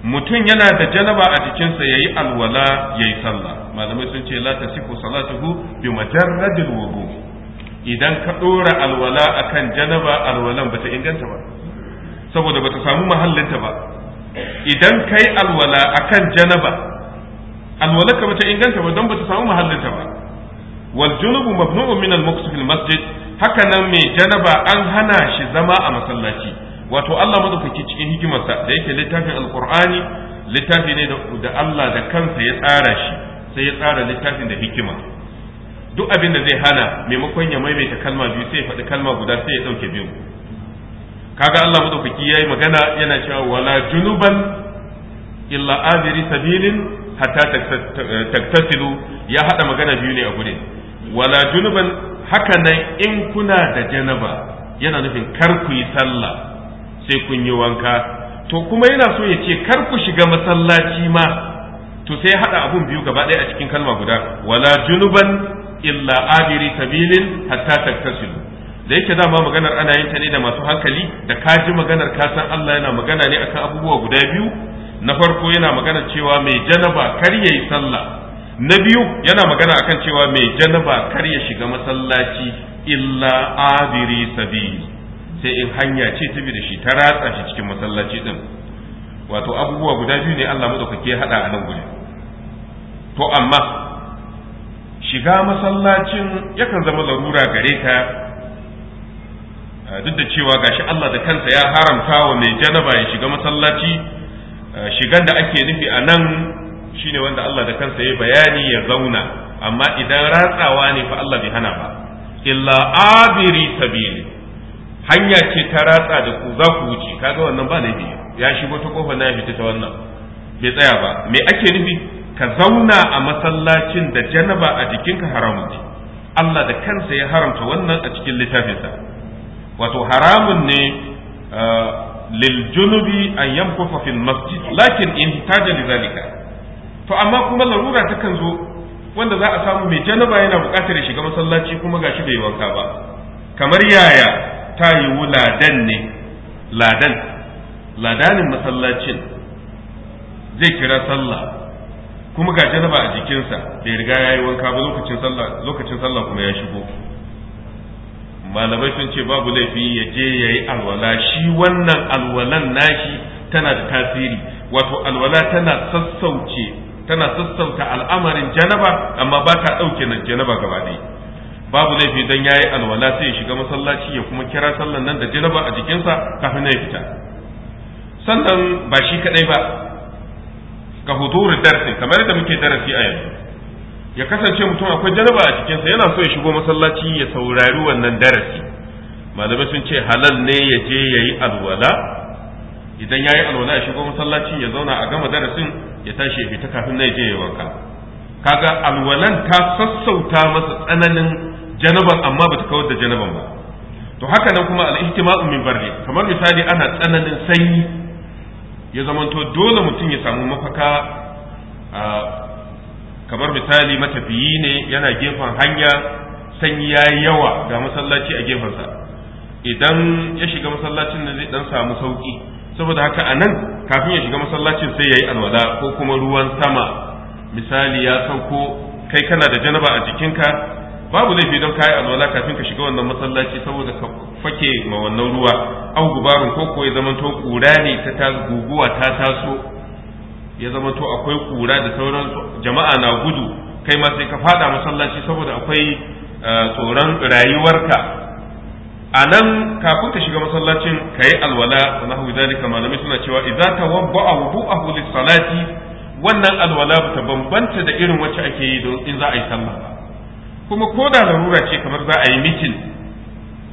mutum yana da janaba a jikinsa yayi alwala yayi sallah malamai sun ce la tasifu salatuhu bi majarradil wudu idan ka ɗora alwala akan janaba alwalan bata inganta ba saboda bata samu mahallinta ba idan kai alwala akan janaba alwalaka bata inganta ba don bata samu mahallinta ba wal junubu mabnu'un min al fil masjid haka nan mai janaba an hana shi zama a masallaci wato Allah madaukaki cikin hikimarsa da yake littafin alqur'ani littafi ne da Allah da kansa ya tsara shi sai ya tsara littafin da hikima duk abin da zai hana maimakon ya maimaita kalma biyu sai ya faɗi kalma guda sai ya ɗauke biyu kaga Allah madaukaki yayi magana yana cewa wala junuban illa adiri sabilin hatta taktasilu ya haɗa magana biyu ne a gurin wala junuban haka nan in kuna da janaba yana nufin kar ku yi sallah sai kun yi wanka to kuma yana so ya ce kar ku shiga masallaci ma to sai hada abun biyu gaba ɗaya a cikin kalma guda wala junuban illa abiri sabilin hatta taktasilu da yake dama maganar ana yin ta ne da masu hankali da ka ji maganar ka san Allah yana magana ne akan abubuwa guda biyu na farko yana magana cewa mai janaba kar yayi sallah na biyu yana magana akan cewa mai janaba kar ya shiga masallaci illa abiri sabil sai in hanya ce ta bi da shi ta ratsa shi cikin masallaci din wato abubuwa guda biyu ne Allah madaukake ya hada a nan guri to amma shiga masallacin yakan zama larura gare ka duk da cewa gashi Allah da kansa ya haramta wa mai janaba ya shiga masallaci shigan da ake nufi a nan shine wanda Allah da kansa ya bayani ya zauna amma idan ratsawa ne fa Allah bai hana ba illa abiri sabil hanya ce ta ratsa da ku za ku wuce kaga wannan ba laifi ya shigo ta kofa na ya fita ta wannan bai tsaya ba me ake nufi ka zauna a masallacin da janaba a jikinka haramun ce Allah da kansa ya haramta wannan a cikin littafinsa wato haramun ne uh, lil junubi an yamkufa fil masjid lakin in taja zalika to amma kuma larura ta kan zo wanda za a samu mai janaba yana buƙatar ya shiga masallaci kuma gashi bai wanka ba kamar yaya ta yiwu ladan ne ladan ladanin masallacin zai kira sallah kuma ga janaba a jikinsa bai riga ya yi wanka ba lokacin sallah lokacin sallah kuma ya shigo malamai sun ce babu laifi ya je ya yi alwala shi wannan alwalan nashi tana da tasiri wato alwala tana sassauce tana sassauta al'amarin janaba amma ba ta ɗauke na janaba gaba ɗaya babu laifi don ya yi alwala sai ya shiga masallaci ya kuma kira sallan nan da janaba a jikinsa kafin ya fita sannan ba shi kaɗai ba ga huduru darsi kamar da muke darasi a yanzu ya kasance mutum akwai janaba a cikinsa yana so ya shigo masallaci ya saurari wannan darasi malamai sun ce halal ne ya je ya yi alwala idan ya yi alwala ya shigo masallaci ya zauna a gama darasin ya tashi ya fita kafin na je ya wanka kaga alwalan ta sassauta masa tsananin janaban amma ba ta kawar da janaban ba to haka nan kuma al-ihtima'u min barri kamar misali ana tsananin sanyi ya zamanto dole mutum ya samu mafaka kamar misali matafiyi ne yana gefen hanya sanyi ya yi yawa ga masallaci a gefensa idan ya shiga masallacin da zai dan samu sauki saboda haka a nan kafin ya shiga masallacin sai ya yi alwala ko kuma ruwan sama misali ya sauko kai kana da janaba a jikinka babu laifi don kayi alwala kafin ka shiga wannan masallaci saboda ka fake ma wannan ruwa au gubarun ko ko ya to kura ne ta ta guguwa ta taso ya to akwai kura da sauran jama'a na gudu kai ma sai ka fada masallaci saboda akwai eh, tsoron rayuwarka a nan kafin ka shiga masallacin ka yi alwala wa nahwi dalika malamai suna cewa idza tawabba'a a lis-salati wannan alwala ba ta bambanta da irin wacce ake yi don in za a yi sallah ba kuma ko da larura ce kamar za a yi mitin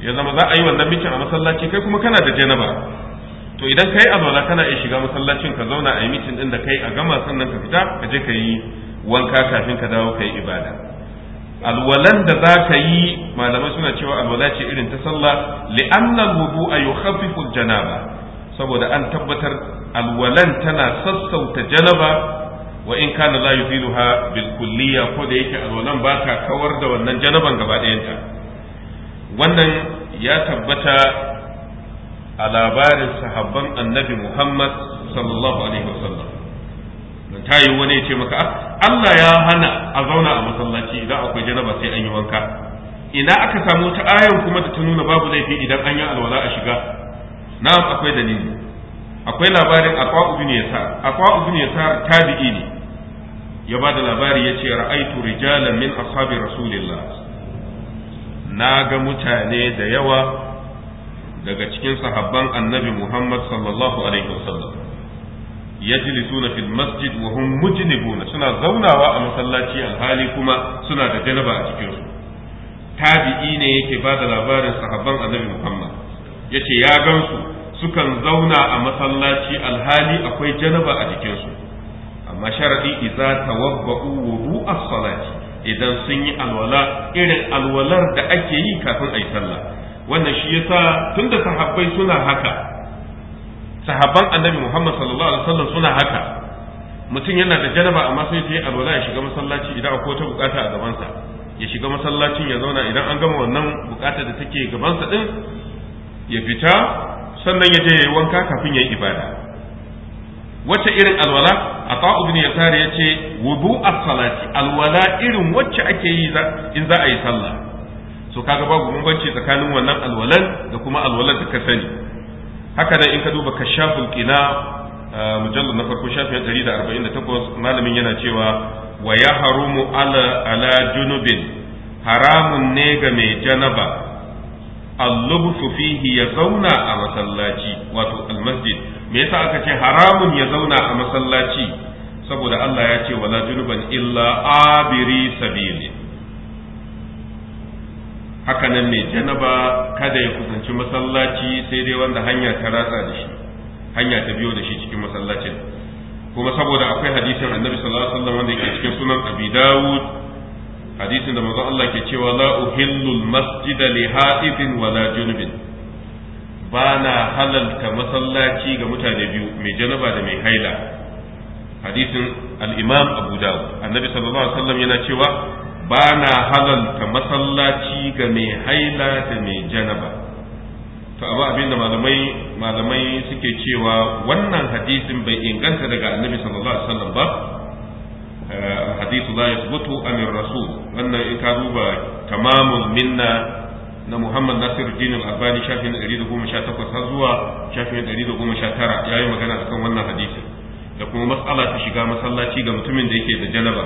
ya zama za a yi wannan mitin a masallaci kai kuma kana da janaba to idan kai alwala kana iya shiga masallacin ka zauna a yi mitin din da kai a gama sannan ka fita ka je ka yi wanka kafin ka dawo ka yi ibada alwalan da za ka yi malamai suna cewa alwala ce irin ta sallah li'anna wudu a yukhaffifu janaba saboda an tabbatar alwalan tana sassauta janaba wa in kana la yufiluha bil kulliya ko da yake alwalan ba ta kawar da wannan janaban gaba ɗayanta wannan ya tabbata a labarin sahabban annabi Muhammad sallallahu alaihi wasallam dan tayi wani ya ce maka ah, Allah ya hana a zauna a masallaci idan akwai janaba sai an yi wanka ina aka samu ta ayan kuma da ta nuna babu laifi idan an yi alwala a shiga na'am akwai dalili akwai labarin aqwa ibn yasar aqwa ibn yasar tabi'i ne ya ba da labari ya ce ra'aitu rijalan min ashabi rasulillah na ga mutane da yawa daga cikin sahabban annabi muhammad sallallahu alaihi wasallam yajlisuna fil masjid wa hum mujnibuna suna zaunawa a masallaci alhali kuma suna da janaba a cikin su tabi'i ne yake ba da labarin sahabban annabi muhammad ce ya gansu sukan zauna a masallaci alhali akwai janaba a jikinsu Masharaɗi iza tawabba'u wudu as-salati idan sun yi alwala irin alwalar da ake yi kafin ayi sallah wannan shi yasa tunda sahabbai suna haka sahabban annabi Muhammad sallallahu alaihi wasallam suna haka mutum yana da janaba amma sai ya yi alwala ya shiga masallaci idan akwai wata bukata a gabansa ya shiga masallacin ya zauna idan an gama wannan bukata da take gabansa din ya fita sannan ya je ya yi wanka kafin ya yi ibada wacce irin alwala a ibn yasar ce, wudu as-salati alwala irin wacce ake yi in za a yi sallah so kaga babu bambanci tsakanin wannan alwalan da kuma alwalan da ka sani haka nan in ka duba kashaful qina ah, mujallad na farko shafin 148 malamin yana cewa wa yahrumu ala ala junubin haramun ne ga mai janaba al fihi ya zauna a masallaci wato al me yasa aka ce haramun ya zauna a masallaci saboda Allah ya ce wala junuban illa abiri sabili nan mai janaba kada ya kusanci masallaci sai dai wanda hanya ta ratsa da shi hanya ta biyo da shi cikin masallacin kuma saboda akwai hadisin annabi sallallahu alaihi wasallam wanda yake cikin sunan abi dawud hadisin da manzo Allah ke cewa la uhillul masjida li ha'ifin wala junubin ba na halalta masallaci ga mutane biyu mai janaba da mai haila hadisin al abu dawud annabi sallallahu alaihi wasallam yana cewa ba na halalta masallaci ga mai haila da mai janaba to abu abinda malamai malamai suke cewa wannan hadisin bai inganta daga annabi sallallahu alaihi wasallam ba eh, hadithu la yathbutu an rasul wannan in ka duba tamamul minna na Muhammad Nasiru al Albani shafin 118 har zuwa shafin 119 yi magana a kan wannan hadisi da kuma mas'ala ta shiga masallaci ga mutumin da yake da janaba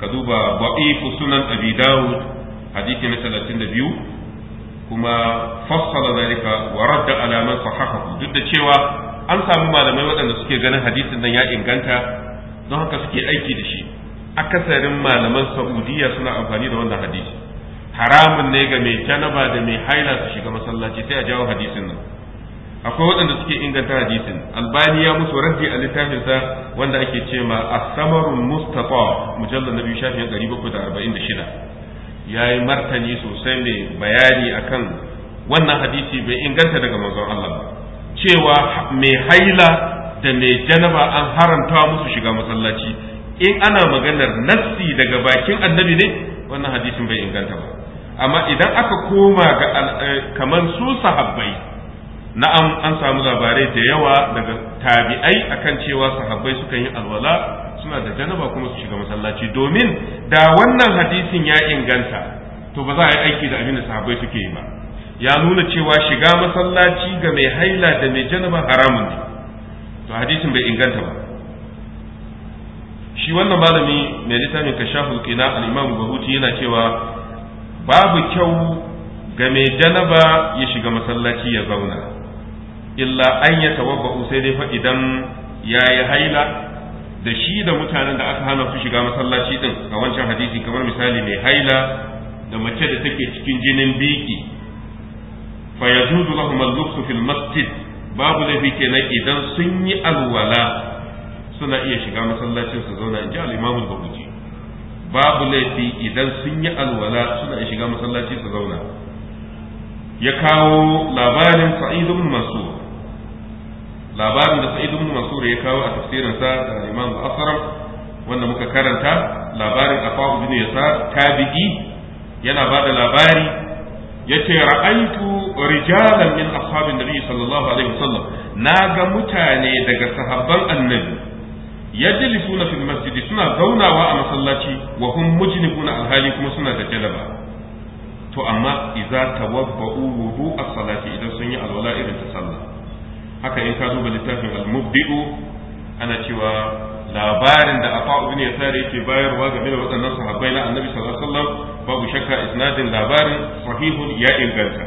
ka duba ba'ifu sunan Abi Dawud hadisi na 32 kuma fassala zalika wa radda ala sahahahu duk da cewa an samu malamai waɗanda suke ganin hadisin nan ya inganta don haka suke aiki da shi akasarin malaman Saudiya suna amfani da wannan hadisi haramun ne ga mai janaba da mai haila su shiga masallaci sai a jawo hadisin nan akwai waɗanda suke inganta hadisin albani ya musu raddi a littafinsa wanda ake ce ma asamarun mustafa mujallar na biyu shafin gari bakwai da arba'in da shida ya yi martani sosai mai bayani akan wannan hadisi bai inganta daga manzon Allah cewa mai haila da mai janaba an haramta musu shiga masallaci in ana maganar nassi daga bakin annabi ne wannan hadisin bai inganta ba amma idan aka koma ga eh, kamar su sahabbai na'am an samu labarai da yawa daga tabi'ai akan cewa sahabbai suka yi alwala suna da janaba kuma su shiga masallaci domin da wannan hadisin ya inganta to ba za a yi aiki da abin da sahabbai suke yi ba ya nuna cewa shiga masallaci ga mai haila da mai janaba haramun ne to hadisin bai inganta ba shi wannan malami mai littafin kashafu kina al-imam bahuti yana cewa babu kyau ga mai janaba ya shiga masallaci ya zauna illa an ya tawabba'u sai dai fa idan ya yi haila da shi da mutanen da aka hana su shiga masallaci din a wancan hadisi kamar misali mai haila da mace da take cikin jinin biki fa ya lahum al-luksu fil masjid babu laifi kenan idan sun yi alwala suna iya shiga masallacin su zauna in ji al-imamu babu laifi idan sun yi alwala suna shiga masallaci su zauna ya kawo labarin sa'id ibn labarin da sa'id ibn ya kawo a tafsirin sa da imam asram wanda muka karanta labarin afa ibn yasar tabi'i yana bada labari yace ra'aitu rijalan min ashabin nabi sallallahu alaihi wasallam ga mutane daga sahabban annabi yajlisuna fil masjidi suna zaunawa a masallaci wa hum mujnibuna alhali kuma suna da jalaba to amma idza wabba'u wudu as-salati idan sun yi alwala irin ta sallah haka in ka duba littafin al-mubdi'u ana cewa labarin da afa ibn yasar yake bayarwa game da waɗannan sahabbai na annabi sallallahu alaihi wasallam babu shakka isnadin labarin sahihun ya inganta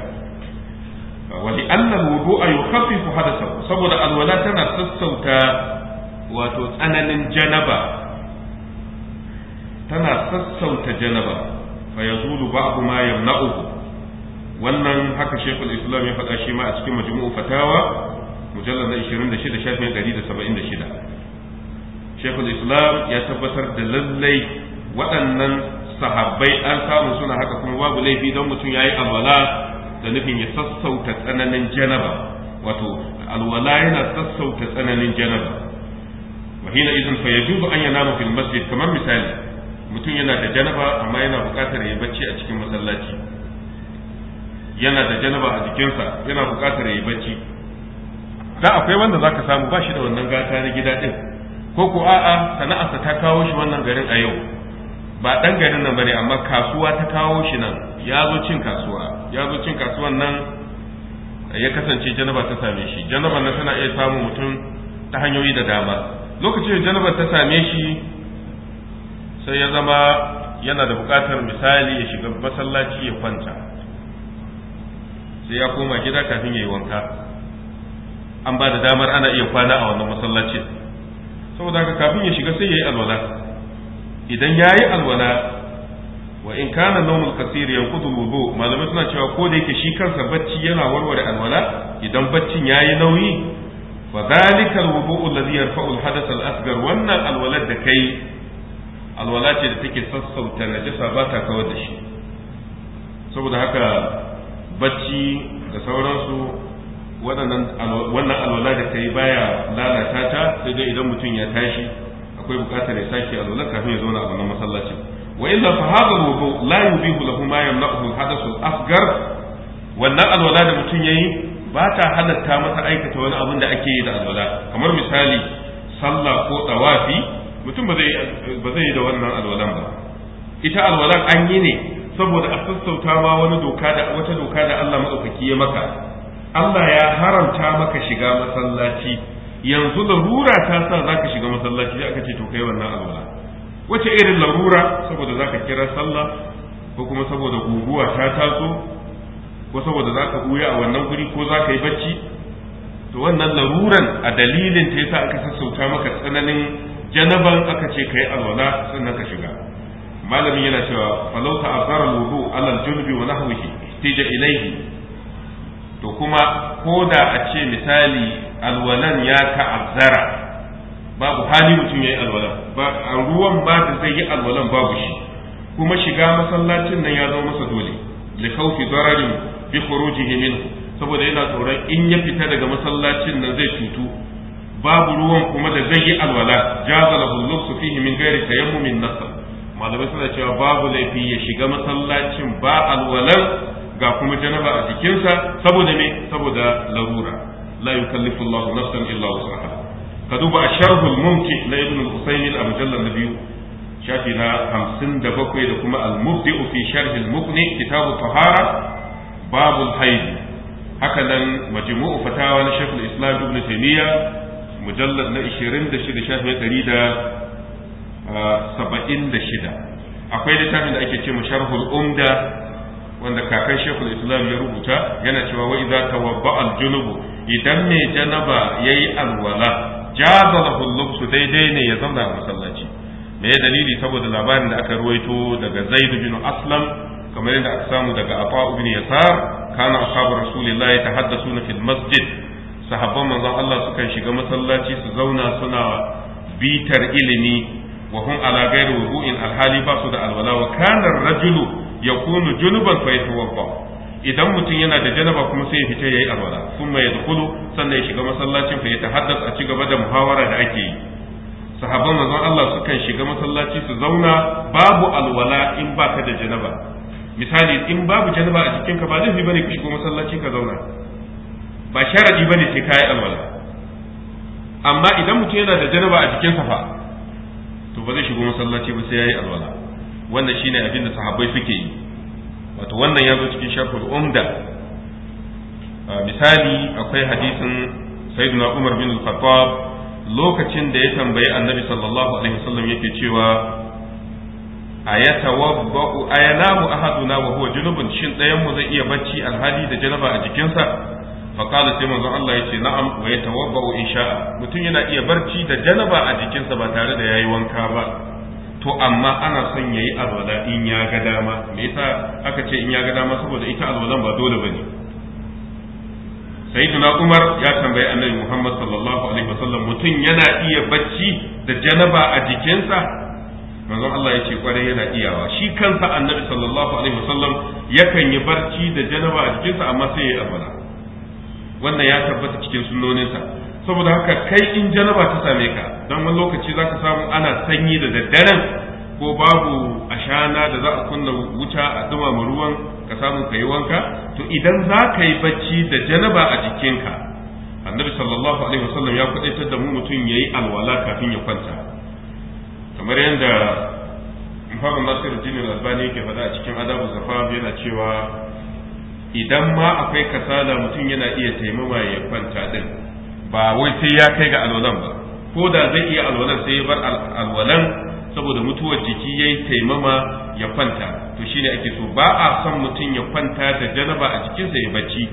wa li anna al-wudu'a yukhaffifu hadathahu saboda alwala tana sassauta wato tsananin janaba tana sassauta janaba fa yazulu ba'du ma yamna'uhu wannan haka shekul islam ya faɗa shi ma a cikin majmu'u fatawa mujallar na 26 shekul islam ya tabbatar da lallai waɗannan sahabbai an samu suna haka kuma babu laifi don mutum ya yi alwala da nufin ya sassauta tsananin janaba wato alwala yana sassauta tsananin janaba hina idan fa yajubu an yana fil masjid kamar misali mutum yana da janaba amma yana buƙatar ya bacci a cikin masallaci yana da janaba a jikinsa yana buƙatar ya bacci da akwai wanda zaka samu ba shi da wannan gata na gida din ko ko a'a sana'arsa ta kawo shi wannan garin a yau ba dan garin nan bane amma kasuwa ta kawo shi nan ya zo cin kasuwa ya zo cin kasuwan nan ya kasance janaba ta same shi janaba nan tana iya samun mutum ta hanyoyi da dama lokacin da janabar ta same shi sai ya zama yana da buƙatar misali ya shiga masallaci ya kwanta sai ya koma gida kafin ya yi wanka an ba da damar ana iya kwana a wannan masallacin saboda haka kafin ya shiga sai ya yi alwala idan ya yi alwala wa in kana nawmul kasir kudu wudu malamai suna cewa ko da yake shi kansa bacci yana warware alwala idan baccin ya yi nauyi fa zalika alwudu alladhi yarfa'u alhadath al-asghar wannan alwalad da kai ce da take sassauta najasa ba ta kawar da shi saboda haka bacci da sauransu wannan alwala da yi baya lalata ta sai dai idan mutum ya tashi akwai bukatar ya sake alwala kafin ya zauna a wannan masallacin wa illa fa hadha alwudu la yubihu lahu ma yamna'uhu alhadath al-asghar wannan alwala da mutum yayi ba ta halatta masa aikata wani abin da ake yi da alwala kamar misali sallah ko tawafi mutum ba zai yi da wannan alwalan ba ita alwalan an yi ne saboda a sassauta ma wani doka da wata doka da Allah madaukaki ya maka Allah ya haramta maka shiga masallaci yanzu larura ta sa zaka shiga masallaci aka ce to kai wannan alwala wace irin larura saboda zaka kira sallah ko kuma saboda guguwa ta taso ko saboda za ka buya a wannan guri ko za ka yi bacci to wannan laruran a dalilin ta yasa aka sassauta maka tsananin janaban aka ce ka yi alwala sannan ka shiga malamin yana cewa falau ta'azzara al-wudu alal al-junubi wa nahwihi to kuma ko da a ce misali alwalan ya ta'azzara babu hali mutum ya yi alwalan ba ruwan ba da zai yi alwalan babu shi kuma shiga masallacin nan ya zama masa dole li zararin bi khurujihi minhu saboda yana tsoron in ya fita daga masallacin nan zai cutu babu ruwan kuma da zai yi alwala jaza lahu luksu fihi min ghairi tayammumin nasr malamai suna cewa babu laifi ya shiga masallacin ba alwalan ga kuma janaba a jikinsa saboda me saboda larura la yukallifu Allah nafsan illa wusaha ka duba sharhul mumki na ibn al-husayn al-mujallal na biyu shafi na 57 da kuma al-mubdi fi sharh al-muqni kitab tahara babul haidi haka nan majmu'u fatawa na shekul islam ibn taymiya mujallad na 26 shafin 176 akwai littafin da ake ce sharhul umda wanda kakan shekul islam ya rubuta yana cewa wai idza tawabba al junubu idan mai janaba yayi alwala jazalahu lubsu daidai ne ya zauna a masallaci me dalili saboda labarin da aka ruwaito daga zaid aslam kamar yadda aka samu daga afa ibn yasar kana ashabu rasulillahi na fil masjid sahabban manzon Allah sukan shiga masallaci su zauna suna bitar ilimi wa hum ala ghairi wudu'in alhali ba su da alwala wa kana rajulu yakunu junuban fa yatawaffa idan mutum yana da janaba kuma sai ya fita yayi alwala kuma ya dukulu sannan ya shiga masallacin fa ya a cigaba da muhawara da ake yi sahabban manzon Allah sukan shiga masallaci su zauna babu alwala in baka da janaba misali in babu janaba a jikinka ba zai fi bane ka shigo masallaci ka zauna ba sharadi bane sai kayi alwala amma idan mutum yana da janaba a jikinsa fa to ba zai shigo masallaci ba sai yayi alwala wannan shine abin da sahabbai suke yi wato wannan ya zo cikin sharhul umda misali akwai hadisin sayyidina umar bin al-khattab lokacin da ya tambayi annabi sallallahu alaihi wasallam yake cewa ayatawabba'u ayanamu ahaduna wa huwa junubun shin ɗayan mu zai iya bacci alhali da janaba a jikinsa fa qala sai manzo Allah yace na'am wa tawabba'u insha'a mutum yana iya barci da janaba a jikinsa ba tare da yayi wanka ba to amma ana son yayi azwala in ya ga dama me yasa aka ce in ya ga dama saboda ita azwalan ba dole bane sayyiduna Umar ya tambayi Annabi Muhammad sallallahu alaihi wasallam mutum yana iya bacci da janaba a jikinsa manzon Allah ya ce kwarai yana iyawa shi kansa annabi sallallahu alaihi wasallam yakan yi barci da janaba a jikinsa amma sai ya alwala wannan ya tabbata cikin sa saboda haka kai in janaba ta same ka dan wani lokaci zaka samu ana sanyi da daddaren ko babu ashana da za a kunna wuta a dumama ruwan ka samu kai wanka to idan za ka yi barci da janaba a jikinka annabi sallallahu alaihi wasallam ya kudaitar da mu mutum yayi alwala kafin ya kwanta kamar yadda muhammad nasiru jinin albani ke faɗa a cikin adabu zafa yana cewa idan ma akwai kasala mutum yana iya taimama ya kwanta din ba wai sai ya kai ga alwalan ba ko da zai iya alwalan sai ya bar alwalan saboda mutuwar jiki ya yi taimama ya kwanta to shine ake so ba a son mutum ya kwanta da janaba a jikinsa ya bacci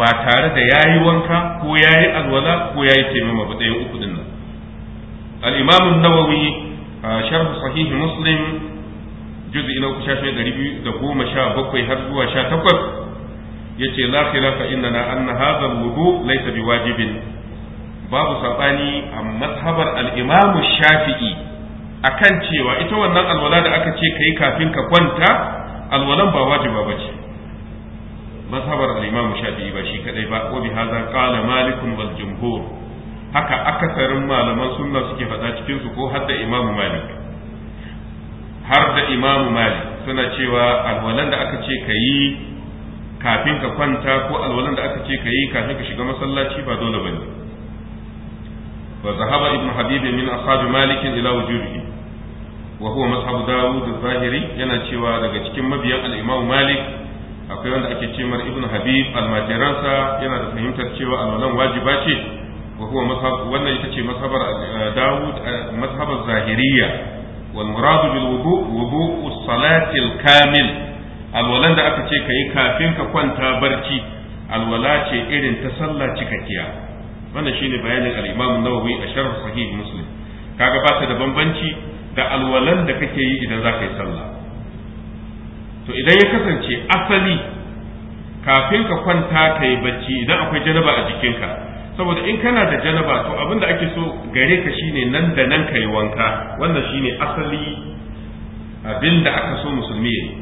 ba tare da ya yi wanka ko ya yi alwala ko ya yi taimama ba ɗaya uku din nan al nawawi sharh sahih muslim juz'i na uku shafi biyu da goma sha bakwai har zuwa sha takwas ya ce la khilafa innana anna hadha al laysa biwajibin babu sabani a mazhabar al shafi'i akan cewa ita wannan alwala da aka ce kai kafin ka kwanta alwalan ba wajiba bace mazhabar al shafi'i ba shi kadai ba wa bi hadha qala malikun wal jumhur haka akasarin malaman sunna suke faɗa cikin su ko har da imamu malik har da imamu malik suna cewa alwalan da aka ce ka yi kafin ka kwanta ko alwalan da aka ce ka yi kafin ka shiga masallaci ba dole bane wa zahaba ibnu habib min ashabi malik ila wujudihi wa huwa mazhabu daud az-zahiri yana cewa daga cikin mabiyan al-imam malik akwai wanda ake cewa Ibn ibnu habib al-majiransa yana da fahimtar cewa alwalan wajiba ce wannan ita ce mazhabar eh, Dawud eh, mazhabar Zahiriyya wal murad bil wudu wudu salati alwalan da aka ce kai kafin ka kwanta barci alwala ce irin ta sallah cikakkiya wannan shine bayanin al-Imam Nawawi a sharh sahih Muslim kaga ba da bambanci da alwalan da kake yi idan za ka sallah to idan ya kasance asali kafin ka kwanta ka barci, bacci idan akwai janaba a jikinka saboda in kana da janaba to abin da ake so gare ka shine nan da nan ka yi wanka wannan shine asali abin da aka so musulmi ya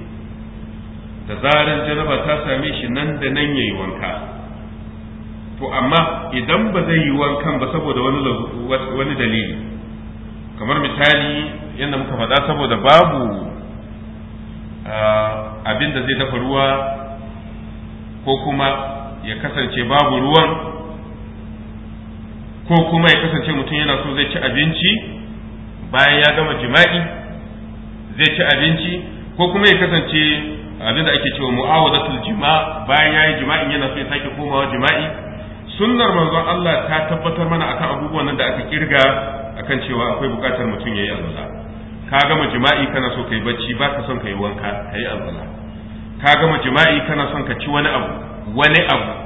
da zarar janaba ta same shi nan da nan ya yi wanka to amma idan ba zai yi wankan ba saboda wani dalili kamar misali yadda muka faɗa saboda babu ah, abin da zai dafa ruwa ko kuma ya kasance babu ruwan ko kuma ya kasance mutum yana so zai ci abinci bayan ya gama jima'i zai ci abinci ko kuma ya kasance abinda ake cewa mu'awadatul jima bayan yayi jima'in yana so ya sake komawa jima'i sunnar manzon Allah ta tabbatar mana akan abubuwan nan da aka kirga akan cewa akwai bukatar mutum yayi alwala ka gama jima'i kana so kai bacci ba ka son kai wanka kai alwala ka gama jima'i kana son ka ci wani abu wani abu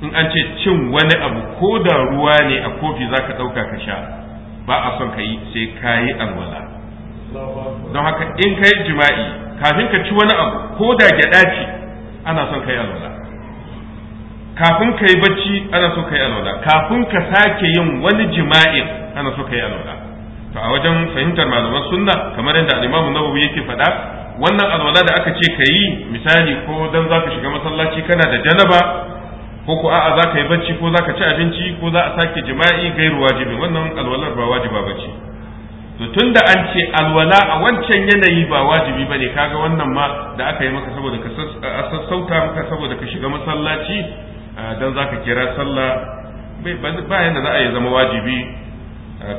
in an ce cin wani abu ko da ruwa ne a kofi za ka ɗauka ka sha ba a son ka yi sai ka yi alwala don haka in ka yi jima'i kafin ka ci wani abu ko da gyaɗa ce ana son ka yi alwala kafin ka yi bacci ana so ka yi alwala kafin ka sake yin wani jima'in ana so ka yi alwala to a wajen fahimtar malaman sunna kamar yadda alimamu imam Nawawi yake faɗa wannan alwala da aka ce ka yi misali ko dan ka shiga masallaci kana da janaba ko ko a'a za ka yi bacci ko za ka ci abinci ko za a sake jima'i gairu wajibi wannan alwalar ba wajiba ba ce to tun da an ce alwala a wancan yanayi ba wajibi ba ne kaga wannan ma da aka yi maka saboda ka sassauta maka saboda ka shiga masallaci don za ka kira sallah ba yana za a yi zama wajibi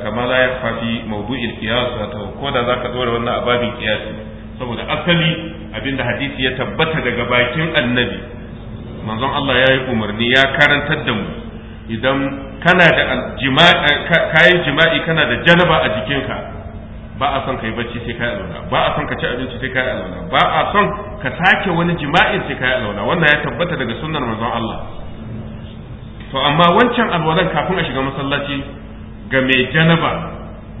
kamar la ya fafi mawdu'il qiyas ta ko da zaka dora wannan ababin qiyas saboda asali abinda hadisi ya tabbata daga bakin annabi manzon Allah ya yi umarni ya karantar da mu idan kana da kayi jima'i kana da janaba a jikinka ba a son kai bacci sai kai alwala ba a son ka ci abinci sai kai alwala ba a son ka sake wani jima'i sai kai alwala wannan ya tabbata daga sunnar manzon Allah to amma wancan alwalan kafin a shiga masallaci ga mai janaba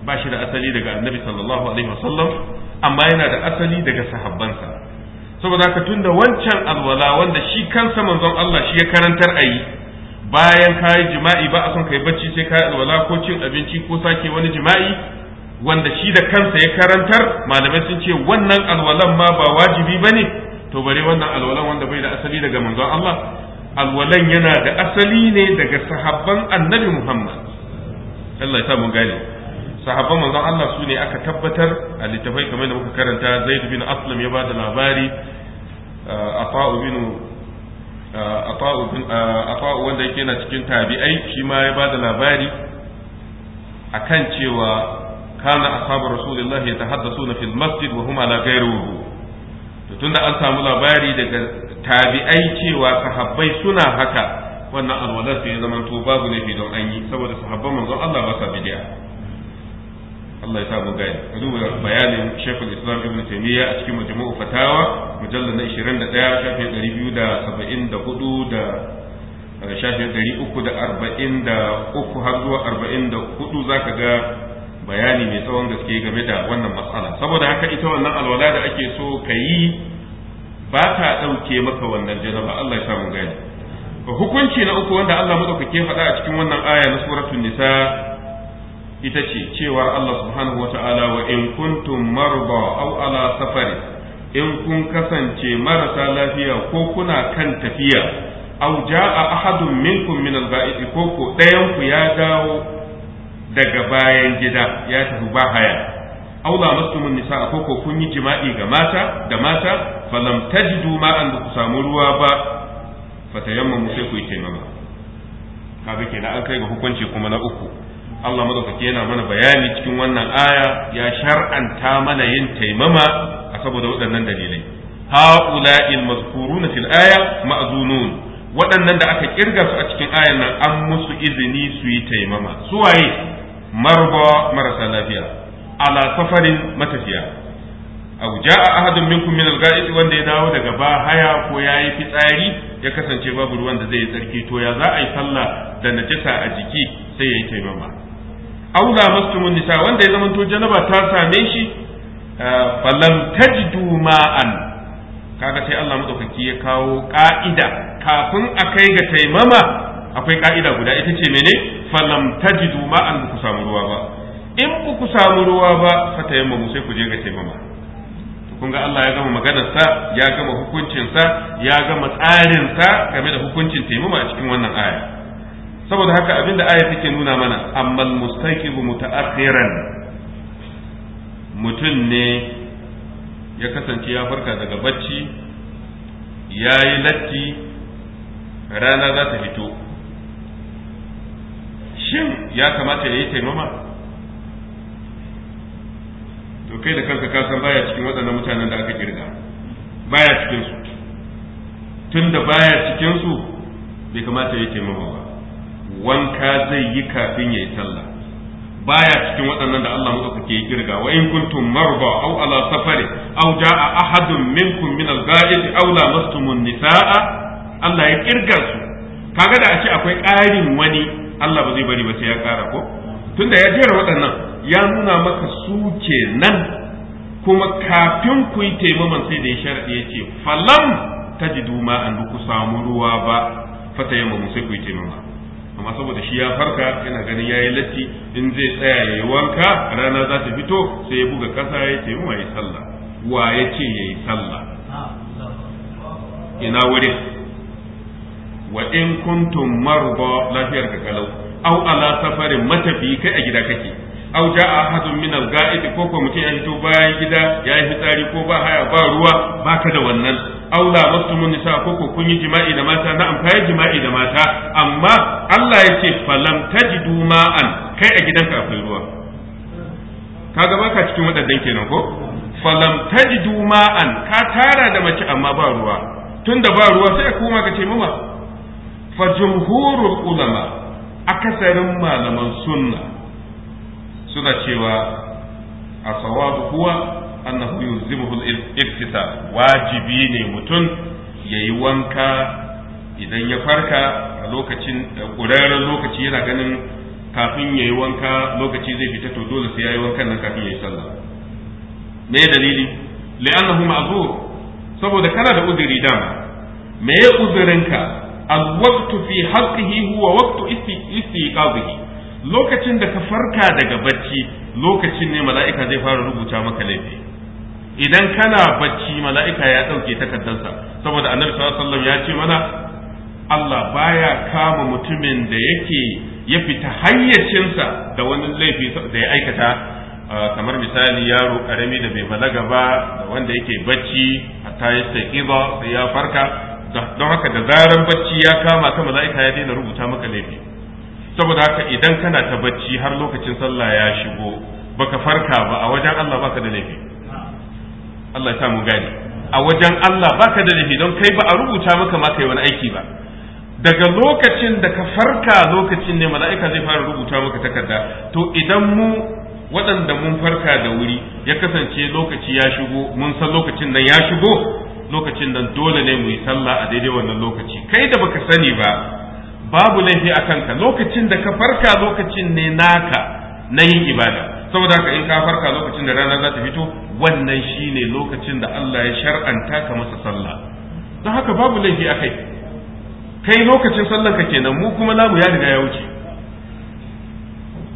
ba shi da asali daga annabi sallallahu alaihi wasallam amma yana da asali daga sahabbansa saboda haka tunda wancan alwala wanda shi kansa manzon Allah shi ya karantar a yi bayan ka yi jima'i ba a son ka yi bacci sai ka yi alwala ko cin abinci ko sake wani jima'i wanda shi da kansa ya karantar malamai sun ce wannan alwalan ma ba wajibi ba ne to bare wannan alwalan wanda bai da asali daga manzon Allah alwalan yana da asali ne daga sahabban annabi Muhammad Allah ya sa mu gane sahabban manzon Allah su ne aka tabbatar a littafai kamar da muka karanta Zaid bin Aslam ya bada labari uh, Ata'u bin uh, bin uh, wanda yake na cikin tabi'ai shi ma ya bada labari akan cewa kana ashabu rasulullahi yatahaddathuna fil masjid wa hum ala to tunda an samu labari daga tabi'ai cewa sahabbai suna haka wannan alwalar sai ya zamanto babu ne laifi don an yi saboda sahabban manzon Allah ba sa bidiya Allah ya sa mu gani ka duba bayanin Sheikhul Islam Ibn Taymiyyah a cikin Majmu'u Fatawa mujallal na 21 shafi 274 da eh, shafi 343 har zuwa 44 ka ga bayani mai tsawon gaske game da wannan matsala saboda haka ita wannan alwala da ake so ka yi ba ta ɗauke maka wannan janaba Allah ya samu gaya. hukunci na uku wanda Allah madaukake faɗa a cikin wannan aya na suratul nisa ita ce cewa Allah subhanahu wa ta'ala wa in kuntum marba aw ala safari in kun kasance marasa lafiya ko kuna kan tafiya aw jaa ahadun minkum min al-ba'id ko ko ku ya dawo daga bayan gida ya tafi ba haya aw lamastumun nisa ko ko kun yi jima'i ga mata da mata falam tajidu ma'an ku samu ruwa ba mu sai ku yi taimama kaga kenan an kai ga hukunci kuma na uku Allah madaukaki yana mana bayani cikin wannan aya ya shar'anta mana yin taimama a saboda waɗannan dalilai ha'ula'il mazkuruna fil aya ma'zunun waɗannan da aka kirga su a cikin ayan nan an musu izini su yi taimama su waye marba marasa lafiya ala safarin matafiya abu ja'a ahadun minkum min al wanda ya dawo daga haya ko yayi fitsari ya kasance babu ruwan da zai yi tsarki to ya za a yi sallah da najasa a jiki sai ya yi taimama Aula lamastumun nisa wanda ya zama to janaba ta same shi eh, falam tajidu ma'an kaga sai Allah madaukaki ya kawo ka'ida kafin a kai ga taimama akwai ka'ida guda ita ce mene falam tajidu ma'an ku samu ruwa ba in ku samu ruwa ba fa tayammamu sai ku je ga taimama to kun ga Allah ya gama maganar sa ya gama hukuncinsa, ya gama tsarinsa, sa game da hukuncin taimama a cikin wannan aya saboda haka abinda aya take nuna mana amma mustaqibu mutaakhiran mutum ne ya kasance ya farka daga bacci ya yi latti rana za ta fito shin ya kamata ya yi taimama to kai da kanka kasan baya cikin waɗannan mutanen da aka girga baya cikinsu tun da baya cikinsu bai kamata ya yi taimama ba wanka zai yi kafin ya yi sallah baya cikin waɗannan da Allah madaukake ya kirga wa in kuntum marba aw ala safari aw jaa ahadun minkum min al-ghaib aw lamastumun nisaa Allah ya kirga su kaga da ake akwai ƙarin wani Allah ba zai bari ba sai ya ƙara ko tunda ya jera waɗannan ya nuna maka su kenan kuma kafin ku yi taimaman sai da ya sharaɗi ya ce falam tajidu ma an ku samu ruwa ba fata yamma sai ku yi taimama amma saboda shi ya farka yana ganin yayi latti in zai tsaya yayi wanka rana za ta fito sai ya buga kasa ya ce mu yi sallah wa ya ce yayi sallah ina wurin wa in kuntum marba lafiyar ka kalau au ala safarin matafi kai a gida kake aw ja'a ahadun min al-ga'id ko ko mutum ya fito bayan gida yayi yi fitsari ko ba haya ba ruwa baka da wannan au labastumun nisa ko ko kun yi jima'i da mata na amfani jima'i da mata amma Allah ya ce falam tajidu ma'an kai a gidanka akwai ruwa kaga baka cikin waɗannan kenan ko falam tajidu ma'an ka tara da mace amma ba ruwa tunda ba ruwa sai ka kuma ka ce mama fa jumhurul ulama akasarin malaman sunna suna cewa a sawabu kuwa annahu yulzimuhu al-ibtisa wajibi ne mutum yayi wanka idan ya farka a lokacin ƙurarren lokaci yana ganin kafin yayi wanka lokaci zai fita to dole sai yayi wankan nan kafin yayi sallah me dalili li'annahu ma'zur saboda kana da uzuri dama me ya uzurinka al-waqtu fi haqqihi huwa waqtu istiqazihi lokacin da ka farka daga bacci lokacin ne mala'ika zai fara rubuta maka laifi idan kana bacci mala'ika ya ɗauke takardarsa saboda annabi sallallahu ya ce mana Allah baya kama mutumin da yake ya fita hayyacinsa da wani laifi da ya aikata kamar misali yaro karami da bai balaga ba da wanda yake bacci hatta ya sai ya farka don haka da zaran bacci ya kama ta mala'ika ya daina rubuta maka laifi saboda haka idan kana ta bacci har lokacin sallah ya shigo baka farka ba a wajen Allah baka da laifi Allah ya mu gani a wajen Allah baka da laifi don kai ba a rubuta maka ma kai wani aiki ba daga lokacin da ka farka lokacin ne mala'ika zai fara rubuta maka takarda to idan mu waɗanda mun farka da wuri ya kasance lokaci ya shigo mun san lokacin nan ya shigo lokacin nan dole ne mu yi sallah a daidai wannan lokaci kai da baka sani ba babu laifi a kanka lokacin da ka farka lokacin ne naka na yin ibada saboda haka in ka farka lokacin da rana za ta fito wannan shi ne lokacin da Allah ya shar'anta ka masa sallah don haka babu laifi a kai kai lokacin sallan ka kenan mu kuma namu ya riga ya wuce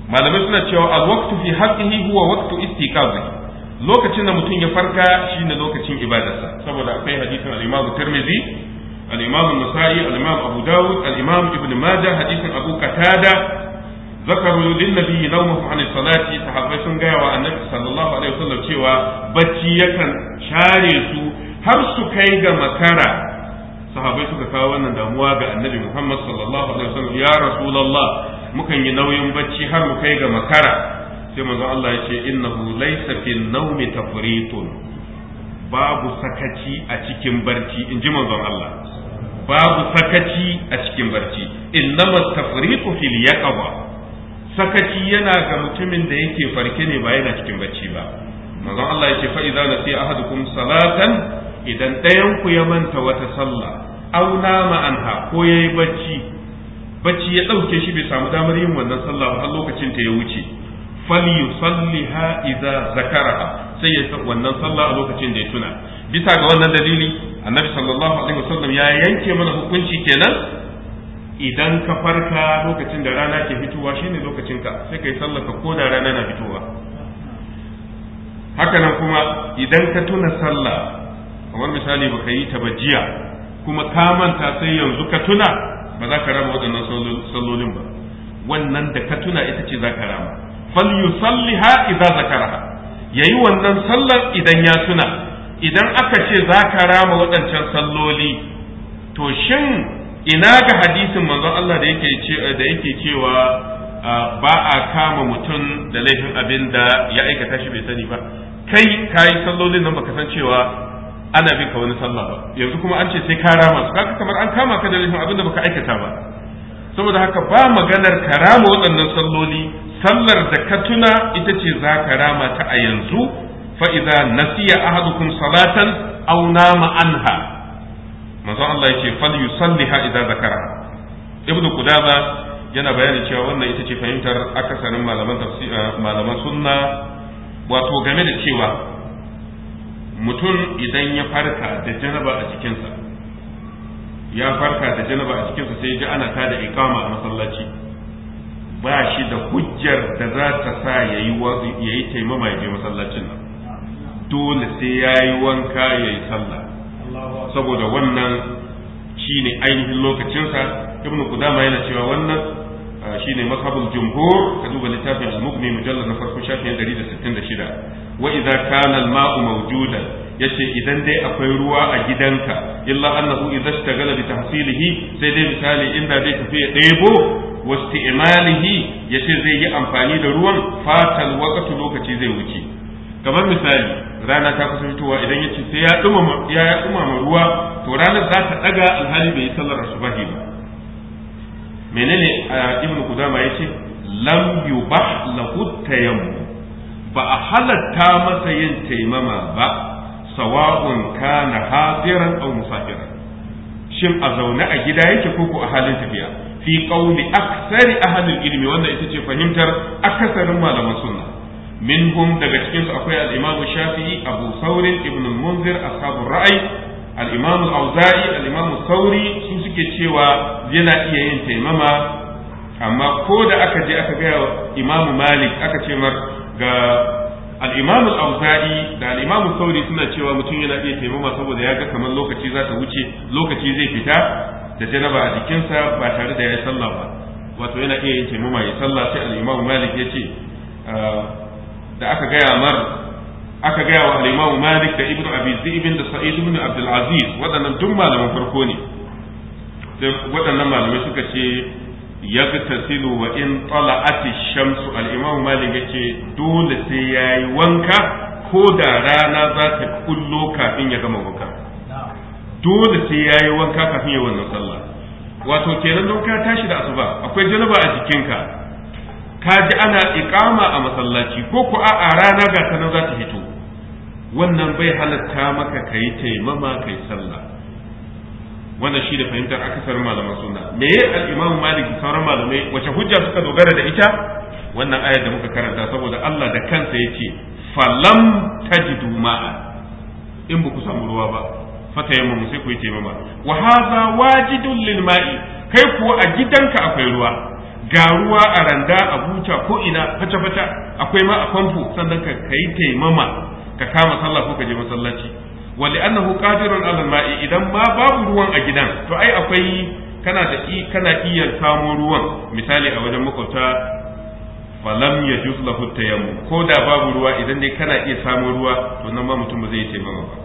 malamai suna cewa a waktu fi haqqihi huwa waktu istiqazi lokacin da mutum ya farka shine lokacin ibadarsa saboda akwai hadisin al-Imam Tirmidhi al Musa'i, an-nasa'i al abu dawud al-imam ibn majah hadisin abu qatada zakaru lin nabiyyi nawmuhu an salati sun gaya wa annabi sallallahu alaihi wasallam cewa bacci yakan share su har su kai ga makara sahabbai suka kawo wannan damuwa ga annabi muhammad sallallahu alaihi wasallam ya rasulullah mukan yi nauyin barci har mu kai ga makara sai manzo Allah ya ce innahu laysa fi nawmi tafritun babu sakaci a cikin barci Inji ji manzon Allah babu sakaci a cikin barci innama tafriqu fil yaqwa sakaci yana ga mutumin da yake farke ne ba yana cikin barci ba manzon Allah yake fa idza sai ahadukum salatan idan ɗayan ku ya manta wata sallah aw nama anha ko yayi bacci bacci ya dauke shi bai samu damar yin wannan sallah ba har lokacin ta ya wuce falyusalliha idza zakaraha sai ya wannan sallah a lokacin da ya tuna bisa ga wannan dalili annabi sallallahu alaihi wasallam ya yanke mana hukunci kenan idan ka farka lokacin da rana ke fitowa shine lokacin ka sai kai sallar ka ko da rana na fitowa haka nan kuma idan ka tuna sallah kamar misali baka yi ta jiya kuma ka manta sai yanzu ka tuna ba za ka rama waɗannan sallolin ba wannan da ka tuna ita ce za ka rama fal yusalliha idza zakaraha yayi wannan sallar idan ya tuna idan aka ce za ka rama waɗancan salloli to shin ina ga hadisin manzon Allah da yake cewa ba a kama mutum da laifin abin da ya aikata shi bai sani ba kai ka yi sallolin nan baka san cewa ana bin ka wani sallah ba yanzu kuma an ce sai ka rama su kaka kamar an kama ka da laifin abin da baka aikata ba saboda haka ba maganar ka rama waɗannan salloli sallar da ka tuna ita ce za ka rama ta a yanzu fa idza nasiya ahadukum salatan aw nama anha manzo Allah yace fal yusalliha idza zakara ibnu Kudaba yana bayani cewa wannan ita ce fahimtar akasarin malaman eh, malaman sunna wato game da cewa mutum idan ya farka da janaba a cikinsa ya farka da janaba a cikinsa sai ya ji ana da ikama a masallaci ba shi da hujjar da za ta sa ya yi taimama ya je masallacin nan dole sai ya yi wanka ya yi sallah saboda wannan shi ne ainihin lokacinsa ibn kudama yana cewa wannan ah, shi ne mashabin jumhur ka duba littafin al-mughni mujallar na farko shafin 166 wa idza kana al-ma'u mawjudan yace idan dai akwai ruwa a gidanka illa annahu idza ishtagala bi tahsilihi sai dai misali inda dai tafi ya debo wasti'malihi yace zai yi amfani da ruwan fatal waqtu lokaci zai wuce kamar misali rana ta kusa fitowa idan ya ce sai ya dumama ruwa to ranar za ta daga alhali bai yi sallar asubahi ba menene ibnu kudama yace lam yubah lahu tayammum ba a halatta masa yin taimama ba sawa'un kana hadiran aw musafiran shin a zaune a gida yake ko ko a halin tafiya fi qauli aksari ahli ilmi wanda ita ce fahimtar akasarin malaman sunna minhum daga cikin akwai al-Imam Shafi'i Abu Thawr ibn munzir ashabu ra'i al-Imam al-Auza'i al-Imam Thawri su cewa yana iya yin taimama amma ko da aka je aka ga Imam Malik aka ce mar ga al auzai da al sauri suna cewa mutum yana iya taimama saboda ya ga kamar lokaci za ta wuce lokaci zai fita da janaba a jikinsa ba tare da ya sallah ba wato yana iya yin taimama ya sallah sai al Malik ya ce ah, da aka gaya mar aka gaya wa al-Imam Malik da Ibn Abi Zibin da Sa'id ibn Abdul Aziz waɗannan duk malaman farko ne da waɗannan malamai suka ce yagtasilu wa in tala'at ash-shamsu al-Imam Malik yace dole sai yayi wanka ko da rana za ta kullo kafin ya gama wanka dole sai yayi wanka kafin ya wannan sallah wato kenan don ka tashi da asuba akwai janaba a jikinka ka ji ana iƙama a masallaci ko ku a rana ga ta za ta hito wannan bai halatta maka ka yi taimama ka yi sallah wannan shi da fahimtar akasar malaman suna me ya al'imam malik sauran malamai wace hujja suka dogara da ita wannan ayar da muka karanta saboda Allah da kansa ya ce falam tajidu ma'a in ba ku samu ruwa ba fata yamma sai ku yi taimama wa hadha wajidun lil ma'i kai kuwa a gidanka akwai ruwa ga ruwa a randa a buta ko ina fata fata akwai ma a famfo sannan ka kai taimama ka kama sallah ko ka je masallaci wa annahu qadirun 'ala al-ma'i idan ma babu ruwan a gidan to ai akwai kana da kana iya samu ruwan misali a wajen makwabta falam ya lahu tayammu ko da babu ruwa idan dai kana iya samun ruwa to nan ma mutum ba zai yi taimama ba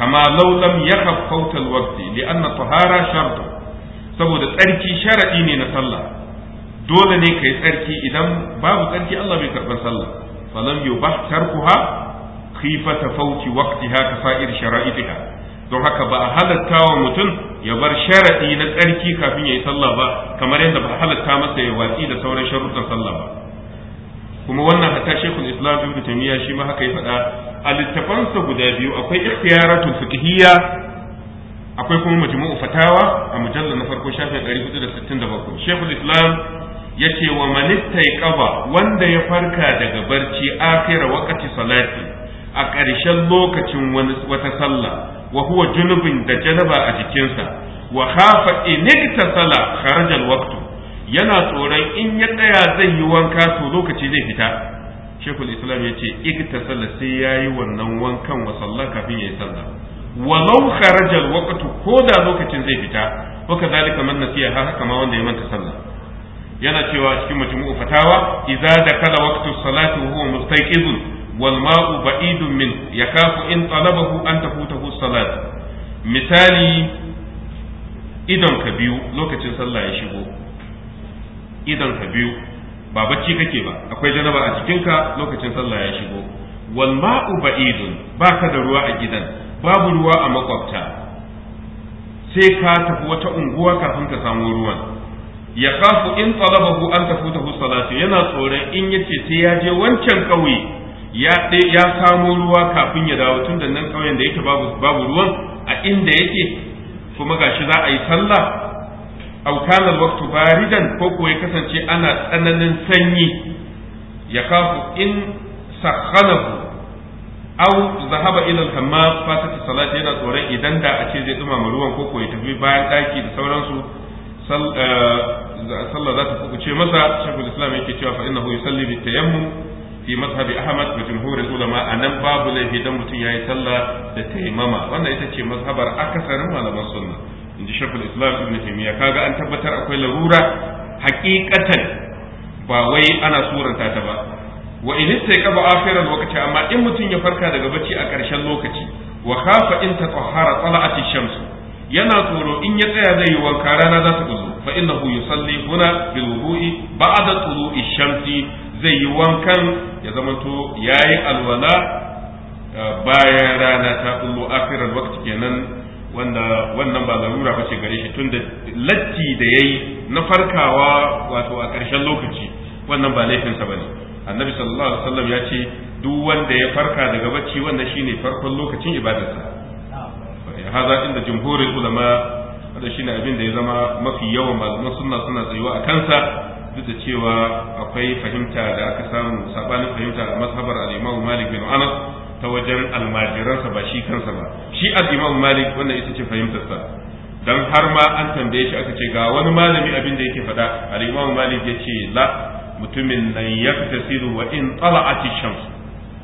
kama law lam yakhaf fawt waqti li anna tahara shartu saboda tsarki sharadi ne na sallah dole ne ka yi tsarki idan babu tsarki Allah bai karɓar sallah falam yubah tarkuha khifata wakti waqtiha ka sa'ir shara'itika. don haka ba a halatta wa mutum ya bar sharaɗi na tsarki kafin ya yi sallah ba kamar yadda ba a halatta masa ya watsi da sauran sharuɗan sallah ba kuma wannan hatta shekul islam ibn tamiya shi ma haka ya faɗa a littafansa guda biyu akwai ikhtiyaratul fiqhiyya akwai kuma majmu'u fatawa a mujallal na farko shafin 467 shekul islam yace wa manittai qaba wanda ya farka daga barci akira wakati salati a ƙarshen lokacin wata sallah wa huwa junubin da janaba a jikinsa wa khafa in sala kharaja waqtu yana tsoron in ya tsaya zai yi wanka to lokaci zai fita shekul islam ya ce iktasala sai ya yi wannan wankan wa sallah kafin ya yi sallah walau kharaja waqtu ko da lokacin zai fita wa kadhalika man nasiya haka ma wanda ya manta sallah yana cewa cikin majmu'u fatawa idza dakala waqtu salati wa huwa mustayqiz wal ma'u ba'idun min yakafu in talabahu an tafutahu salat misali idan ka biyu lokacin sallah ya shigo idan ka biyu ba bacci kake ba akwai janaba a cikinka lokacin sallah ya shigo wal ma'u ba'idun baka da ruwa a gidan babu ruwa a makwabta sai ka tafi wata unguwa kafin ka samu ruwan ya kafu in talabahu an tafutahu salatu yana tsoron in yace sai ya je wancan kauye ya ya samo ruwa kafin ya dawo tun da nan kauyen da yake babu babu ruwan a inda yake kuma gashi za a yi sallah aw kana alwaqtu baridan ko kuwa ya kasance ana tsananin sanyi ya kafu in sakhanahu aw zahaba ila al-hammam fatata salati yana tsoron idan da a ce zai dumama ruwan ko ko ya tafi bayan daki da sauransu eh, sallah za ta kubuce masa shaykhul islam yake cewa fa innahu yusalli bi tayammum fi mazhabi ahmad wa jumhurul ulama anan babu laifi dan mutum yayi sallah da tayammama wannan ita ce mazhabar akasarin malaman sunna inji shaykhul islam ibn taymiya kaga an tabbatar akwai larura haqiqatan ba wai ana suranta ta ba wa in istayqaba akhir lokaci amma in mutum ya farka daga bacci a ƙarshen lokaci wa khafa in tatahhara tala'ati shamsu yana tsoro in ya tsaya zai yi wanka rana za ta guzo fa innahu yusalli huna bil wudu'i ba'da tulu'i shamsi zai yi wankan ya zamanto yayi alwala eh, Baya rana ta kullu akhiral waqti kenan wannan ba larura ba ce gare shi tunda latti da yayi na farkawa wato a ƙarshen lokaci wannan ba laifinsa ba ne annabi sallallahu alaihi wasallam ya ce duk wanda ya farka daga bacci wannan shine farkon lokacin ibadarsa haza inda jumhurin ulama da shine abin da ya zama mafi yawan malaman sunna suna tsayuwa a kansa duk da cewa akwai fahimta da aka samu sabanin fahimta a mazhabar al-Imam Malik bin Anas ta wajen almajiransa ba shi kansa ba shi al-Imam Malik wannan ita ce fahimtarsa dan har ma an tambaye shi aka ce ga wani malami abin da yake faɗa al-Imam Malik ya ce la mutumin nan yaktasiru wa in tala'ati shams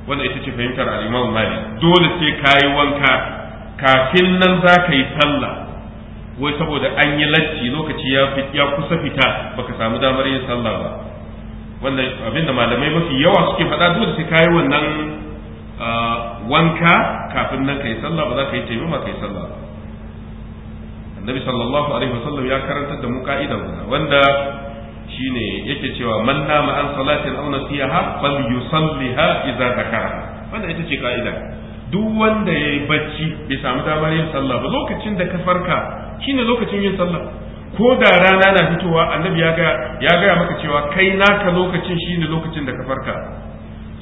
wannan ita ce fahimtar al-Imam Malik dole sai kayi wanka kafin nan za ka yi sallah wai saboda an yi lacci lokaci ya ya kusa fita baka samu damar yin sallah ba wannan abinda malamai mafi yawa suke faɗa dole sai kai wannan wanka kafin nan kai sallah ba za ka yi ba kai sallah annabi sallallahu alaihi wasallam ya karantar da mu ka'ida guda wanda shine yake cewa man nama an salatin aw nasiha fal yusalliha idza dhakara wannan ita ce ka'ida duk wanda ya yi bacci bai samu damar yin sallah ba lokacin da ka farka shine lokacin yin sallah ko da rana na fitowa annabi ya gaya maka cewa kai naka lokacin shine lokacin da ka farka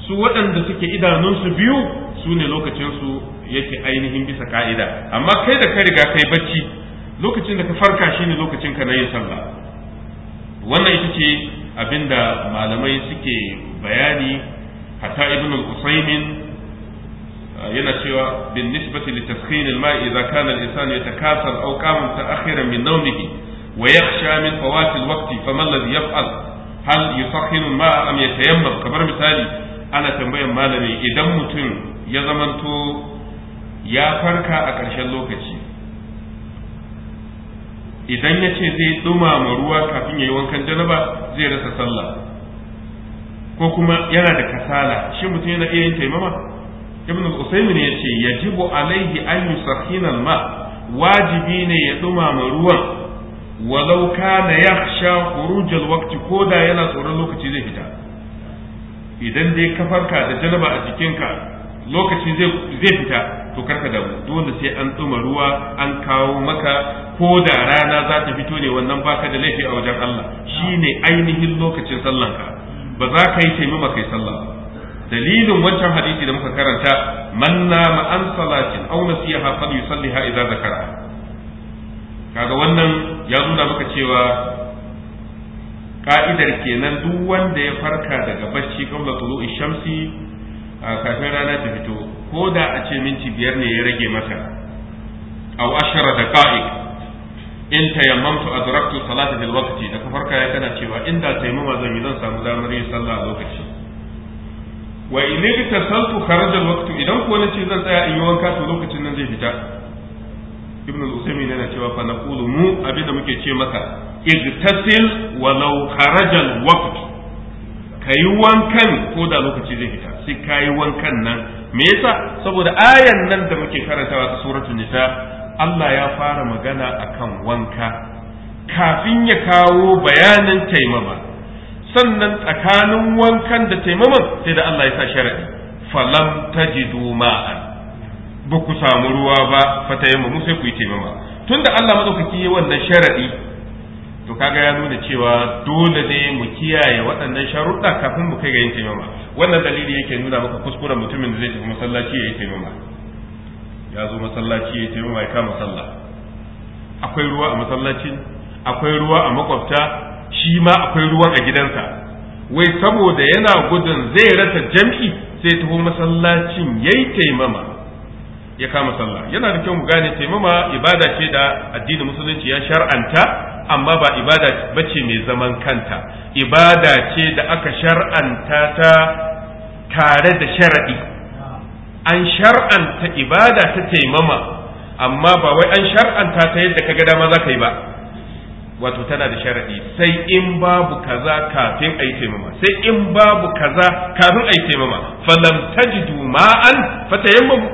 su waɗanda suke idanunsu biyu su ne lokacinsu yake ainihin bisa ka'ida amma kai da kai riga kai bacci lokacin da ka farka shine lokacin ka na yin sallah wannan ita ce abinda malamai suke bayani hatta ibnu al-usaymin yana cewa bin nisbati li taskin al-ma'i idza kana al-insan yatakasal aw qama ta'akhiran min nawmihi wa yakhsha min fawat al-waqti ma alladhi yaf'al hal yusakhin al-ma'a am yatayammam kamar misali ana tambayan malami idan mutum ya zamanto ya farka a ƙarshen lokaci idan ya ce zai dumama ruwa kafin ya yi wankan janaba zai rasa sallah ko kuma yana da kasala shi mutum yana iya yin taimama ibn al-usaymin yace yajibu alaihi an yusakhina al-ma wajibi ne ya dumama ruwan walau kana yakhsha khuruj al-waqti koda yana tsoron lokaci zai fita idan dai ka farka da janaba a jikinka lokaci zai fita to karka da dole sai an tsuma ruwa an kawo maka ko da rana za ta fito ne wannan baka da laifi a wajen Allah shine ainihin lokacin sallanka ba za ka yi taimama kai sallah ba dalilin wancan hadisi da muka karanta man nama an salatin aw nasiha falyusalliha idza zakara kaga wannan ya nuna muka cewa ka'idar kenan duk wanda ya farka daga bacci qabla tulu'i shamsi kafin rana ta fito ko da a ce minti biyar ne ya rage masa aw ashara daqa'iq in tayammamtu adraktu salati bil waqti da ka farka ya kana cewa inda tayammama zan yi zan samu damar yin sallah a lokaci wa bi tasaltu kharaja alwaqtu idan ko ce zan tsaya in yi wanka to lokacin nan zai fita ibnu yana cewa fa naqulu mu abinda muke ce maka igtasil walau kharaja alwaqt kai wankan ko da lokaci zai fita sai kayi wankan nan me yasa saboda ayan nan da muke karantawa ta suratul nisa Allah ya fara magana akan wanka kafin ya kawo bayanin taimama sannan tsakanin wankan da taimaman sai da Allah ya sa sharadi falam tajidu ma'an ba ku samu ruwa ba mu sai ku yi taimama tunda Allah madaukaki ya wannan sharadi to kaga ya nuna cewa dole ne mu kiyaye waɗannan sharuɗa kafin mu kai ga yin taimama wannan dalili yake nuna maka kuskuren mutumin da zai tafi masallaci ya yi taimama ya zo masallaci ya yi taimama ya kama sallah akwai ruwa a masallacin akwai ruwa a makwabta shi ma akwai ruwan a gidansa wai saboda yana gudun zai rasa jam'i sai taho masallacin ya yi taimama ya kama sallah yana da kyau mu gane taimama ibada ce da addinin musulunci ya shar'anta amma ba ibada ba ce mai zaman kanta ibada ce da aka shar'anta ta tare da shar'i an shar'anta ibada ta taimama amma ba wai an shar'anta ta yadda ka ga dama za ka yi ba wato tana da sharadi sai in babu kaza kafin a yi taimama sai in babu kaza kafin a taimama falam tajidu ma'an fatayammamu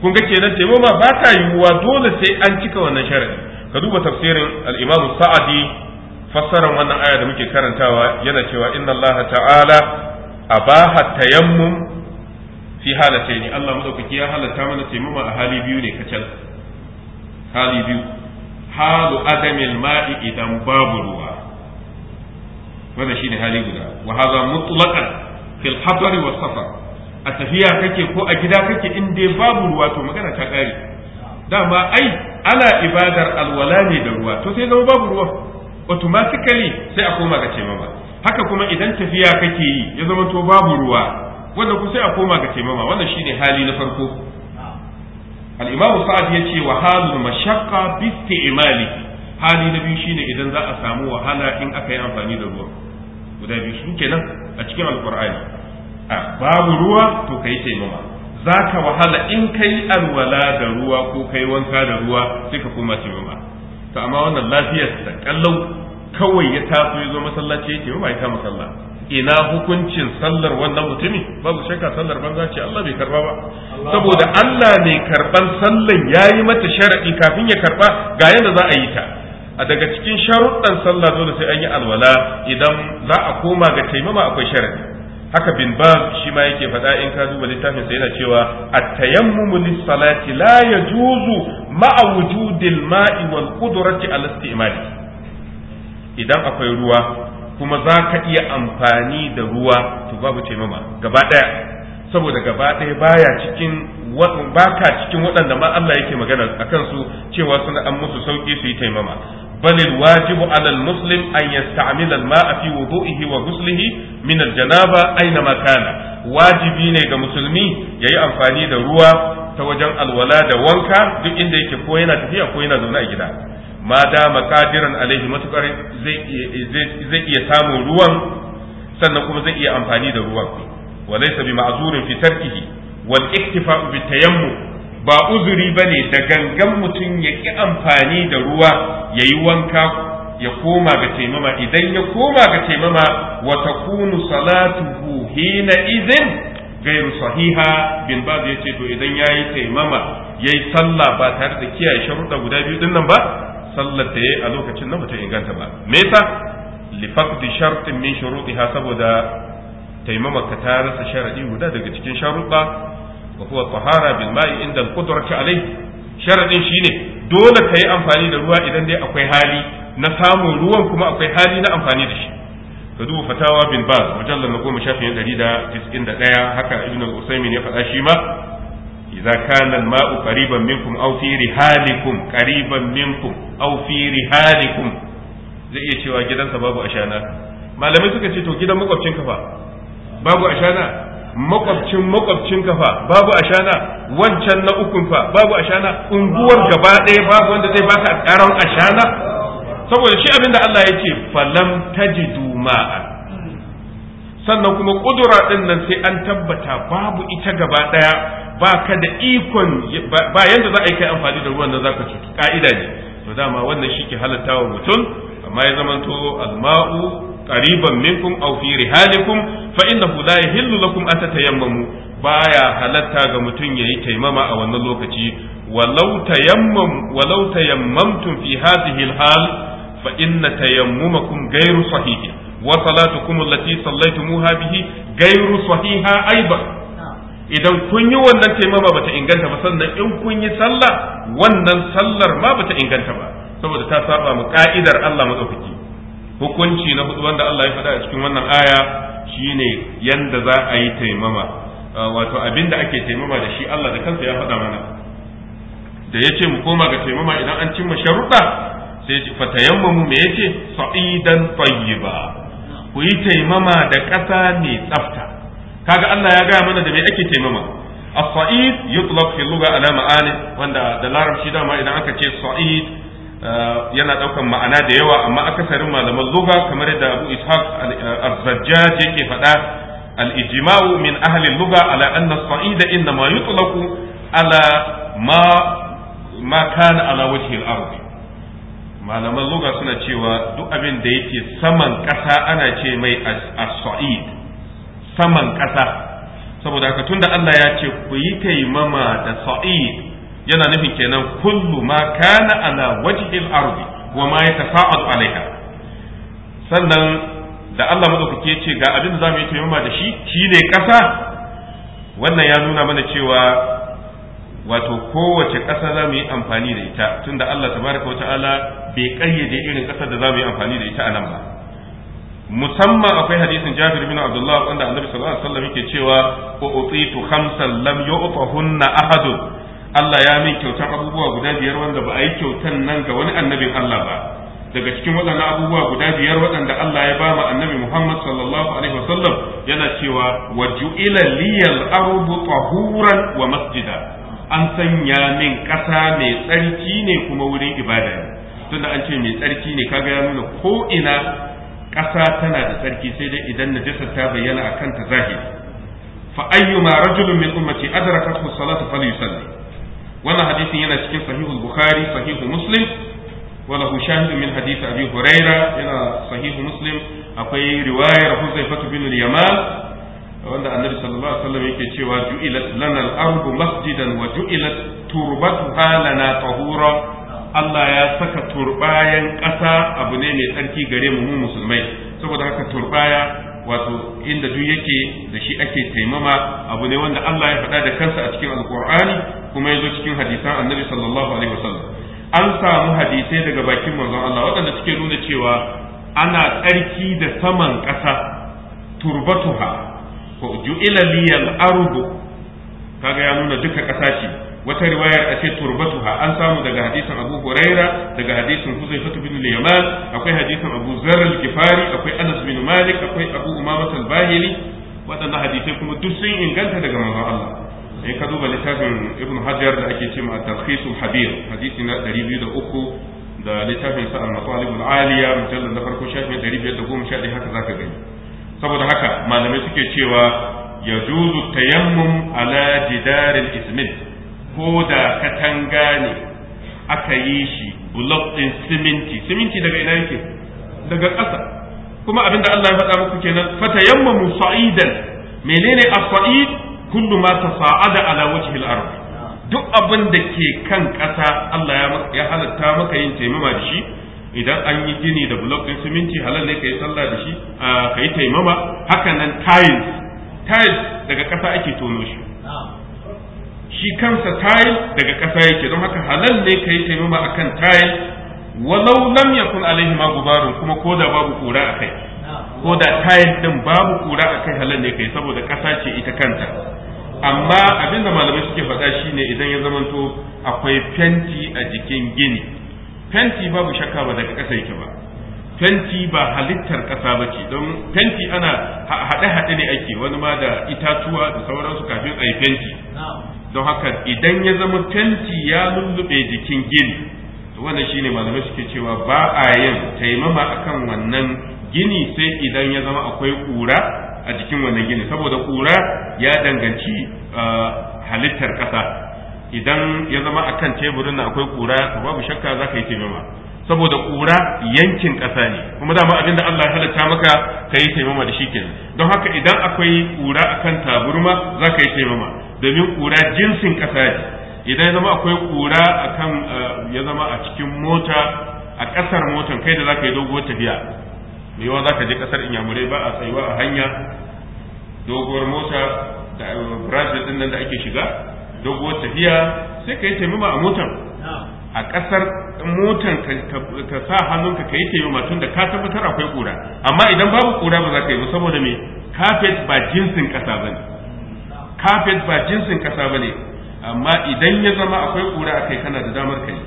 kun ga kenan taimama ba ta yiwuwa dole sai an cika wannan sharadi ka duba tafsirin al-Imam Sa'adi fassarar wannan aya da muke karantawa yana cewa inna Allah ta'ala abaha tayammum fi halatayni Allah madaukaki ya halatta mana taimama a hali biyu ne kacal hali biyu halu adamil ma'i idan babu ruwa wannan shine hali guda wa hadha mutlaqan fil hadar wa safar a tafiya kake ko a gida kake in dai babu ruwa to magana ta kare dama ai ana ibadar alwala ne da ruwa to sai zama babu ruwa automatically sai a koma ga taimama haka kuma idan tafiya kake yi ya zama to babu ruwa wanda ku sai a koma ga taimama wannan shine hali na farko al-imam sa'ad yace wa halul hali na biyu shine idan za a samu wahala in aka yi amfani da ruwa guda biyu su kenan a cikin alqur'ani babu ruwa to kai taimama zaka wahala in kai alwala da ruwa ko kai wanka da ruwa sai ka koma taimama to amma wannan lafiyar ta kallon kawai ya taso ya zo masallaci ya taimama ya ta sallah ina hukuncin sallar wannan mutumi babu shakka sallar banza ce Allah bai karba ba saboda Allah ne karban sallan yayi mata sharadi kafin ya karba ga yadda za a yi ta a daga cikin sharuɗan sallah dole sai an yi alwala idan za a koma ga taimama akwai sharadi haka bin ba shi ma yake faɗa in ka duba littafin sai yana cewa at-tayammumu lis-salati la yajuzu ma'a wujudil ma'i wal qudrati al-istimali idan akwai ruwa kuma za ka iya amfani da ruwa to babu taimama gaba ɗaya saboda gaba ɗaya baya cikin baka cikin waɗanda ma Allah yake magana a kansu cewa suna an musu sauƙi su yi taimama بل الواجب على المسلم أن يستعمل wa في min وغسله من aina ma kana. Wajibi ne ga musulmi yayi amfani da ruwa ta wajen alwala da wanka duk inda yake ko yana tafiya ko yana zaune a gida ma da makadiran alaihi matukar zai iya samun ruwan sannan kuma zai iya amfani da ruwan walaysa bi ma'zurin fi tarkihi wal iktifa'u bi tayammum ba uzuri bane da gangan mutum ya ki amfani da ruwa yayi wanka ya koma ga taimama idan ya koma ga taimama wa takunu salatuhu hina idhin gairu sahiha bin zai ce to idan yayi taimama yayi sallah ba tare da kiyaye sharuɗa guda biyu din ba sallar da a lokacin nan ta inganta ba me yasa li faqdi shartin min shurutiha saboda taimamaka ta rasa sharadi guda daga cikin sharuɗa wa huwa tahara bil ma'i inda al qudrati alayh sharadin shine dole kai amfani da ruwa idan dai akwai hali na samun ruwan kuma akwai hali na amfani da shi ka duba fatawa bin bas mujallar na goma shafin ɗari da tis'in da ɗaya haka ibn al-usaimin ya faɗa shi ma idza kana al-ma'u minkum aw fi rihalikum qariban minkum aw fi rihalikum zai iya cewa gidansa babu ashana malamai suka ce to gidan makwabcin kafa babu ashana makwabcin makwabcin kafa babu ashana wancan na ukun fa babu ashana unguwar gaba ɗaya babu wanda zai baka karan ashana saboda shi abinda Allah ya ce falam tajidu ma'a sannan kuma ƙudura ɗin nan sai an tabbata babu ita gaba ɗaya ba ka da ikon ba yadda za a yi kai amfani da ruwan nan za ka cutu ƙa'ida ne to dama wannan shi ke halatta wa mutum amma ya zamanto alma'u qariban minkum aw fi rihalikum fa innahu la yahillu lakum an tatayammamu baya halatta ga mutum yayi taimama a wannan lokaci walau tayammam walau tayammamtum fi hadhihi alhal fa inna tayammumakum ghayru sahihin wa salatukum allati sallaitumuha bihi Gairu sahiha idan kun yi wannan taimama bata inganta ba sannan in kun yi sallah wannan sallar ma bata inganta ba saboda ta saba mu ka'idar Allah madaukaki hukunci na hudu wanda Allah ya faɗa a cikin wannan aya shine yanda za a yi taimama ah, wato abinda ake taimama da shi Allah da kansa ya faɗa mana da yace mu koma ga taimama idan an cimma sharuɗa sai ce fatayammamu me yace sa'idan tayyiba ku yi taimama da ƙasa mai tsafta kaga Allah ya gaya mana da me ake taimama as-sa'id yutlaq fi lugha ala ma'ani wanda da larabci dama idan aka ce sa'id uh, yana daukan ma'ana da yawa amma akasarin malaman lugha kamar da Abu Ishaq al-Zajjaj uh, yake faɗa al-ijma'u min ahli lugha ala anna as-sa'ida inma yutlaqu ala ma ma kana ala wajhi al malaman luga suna cewa duk abin da yake saman ƙasa ana ce mai as-sa'id saman ƙasa saboda haka tunda Allah ya ce ku yi taimama da sa'id yana nufin kenan kullu ma kana ala wajhil ardi wa ma yatafa'adu alaiha sannan da Allah madaukake ce ga abin da zamu yi taimama da shi shine ƙasa wannan ya nuna mana cewa wato kowace ƙasa za mu yi amfani da ita tunda Allah tabaraka wata'ala bai ƙayyade irin ƙasar da za mu yi amfani da ita a nan ba musamman akwai hadisin Jabir bin Abdullah wanda Annabi sallallahu alaihi wasallam yake cewa utitu khamsan lam yu'tahunna ahadun Allah ya min kyautar abubuwa guda biyar wanda ba a yi kyautan nan ga wani annabin Allah ba daga cikin waɗannan abubuwa guda biyar waɗanda Allah ya bama annabi Muhammad sallallahu alaihi wasallam yana cewa wa ju'ila liyal ardu tahuran wa masjida an sanya min ƙasa mai tsarki ne kuma wurin ibada ne tunda an ce mai tsarki ne kaga ya nuna ko ina ƙasa tana da tsarki sai dai idan najasa ta bayyana a kanta zahiri fa ayyuma rajulun min ummati adrakathu salatu falyusalli wannan hadisin yana cikin sahihul bukhari sahihu muslim وله شاهد من حديث أبي هريرة إلى صحيح مسلم أقوي رواية حذيفة بن اليمان wanda annabi sallallahu alaihi wasallam yake cewa ju'ilat lana al-ardu masjidan wa ju'ilat turbatuha lana tahura Allah ya saka turbayan ƙasa abu ne mai tsarki gare mu mu musulmai saboda haka turbaya wato inda duk yake da shi ake taimama abu ne wanda Allah ya faɗa da kansa a cikin alkur'ani kuma ya zo cikin hadisan annabi sallallahu alaihi wasallam an samu hadisai daga bakin manzon Allah waɗanda suke nuna cewa ana tsarki da saman ƙasa turbatuha ju'ila liyal ardu kaga ya nuna duka kasa ce wata riwayar a ce turbatuha an samu daga hadisin Abu Huraira daga hadisin Huzaifah bin Yaman akwai hadisin Abu Zarr al-Gifari akwai Anas bin Malik akwai Abu Umamah al-Bahili waɗannan hadisai kuma duk sun inganta daga manzon Allah in ka duba littafin Ibn Hajar da ake cewa Tarkhis al-Habir hadisi na 203 da littafin sa al-Matalib al-Aliya mujallal na farko shafin 511 haka zaka gani saboda haka malamai suke cewa ya juzu tayammum ala jidarin ismin ko da katanga ne aka yi shi bulok ɗin siminti siminti daga ina yake daga ƙasa kuma abin da Allah ya faɗa muku kenan fatayammamu sa'idan menene as-sa'id kullu ma tasa'ada ala wajhil ardh duk abin da ke kan ƙasa Allah ya halatta maka yin taimama da shi idan an yi gini da block din siminti halal ne kai sallah da shi kai taimama hakan nan tiles tiles daga ƙasa ake tono shi shi kansa tiles daga kasa yake don haka halal ne kai taimama akan tiles walau lam yakun alaihi ma gubarun kuma ko da babu kura akai ko da tiles din babu kura akai halal ne kai saboda ƙasa ce ita kanta amma abinda malamai suke faɗa shine idan ya zamanto akwai fenti a jikin gini fenti babu shakka ba daga ƙasa yake ba fenti ba halittar ƙasa ba ce don fenti ana haɗe-haɗe ne ake wani ma da itatuwa da sauransu kafin a yi fenti don haka idan ya zama fenti ya lullube jikin gini wannan shine malamai suke cewa ba a yin taimama akan wannan gini sai idan ya zama akwai ƙura a jikin wannan gini saboda ƙura ya danganci ah, halittar ƙasa idan ya zama a kan teburin na akwai kura babu shakka za ka yi taimama saboda kura yankin ƙasa ne kuma dama abin da Allah ya halatta maka ka yi taimama da shi kenan don haka idan akwai kura kan taburma za ka yi taimama domin kura jinsin ƙasa ne idan ya zama akwai kura kan eh, ya zama a cikin mota a ƙasar motan kai da za ka yi doguwar tafiya yawa za ka je ƙasar inyamurai ba a tsayuwa a hanya doguwar mota da eh, brazil din nan da ake shiga doguwar tafiya sai ka yi taimama a motar a ƙasar motar ka sa hannunka ka yi taimama tun da ka tabbatar akwai ƙura amma idan babu ƙura ba za ka yi saboda me kafet ba jinsin ƙasa ba ne kafet ba jinsin ƙasa ba ne amma idan ya zama akwai ƙura a kai kana da damar ka yi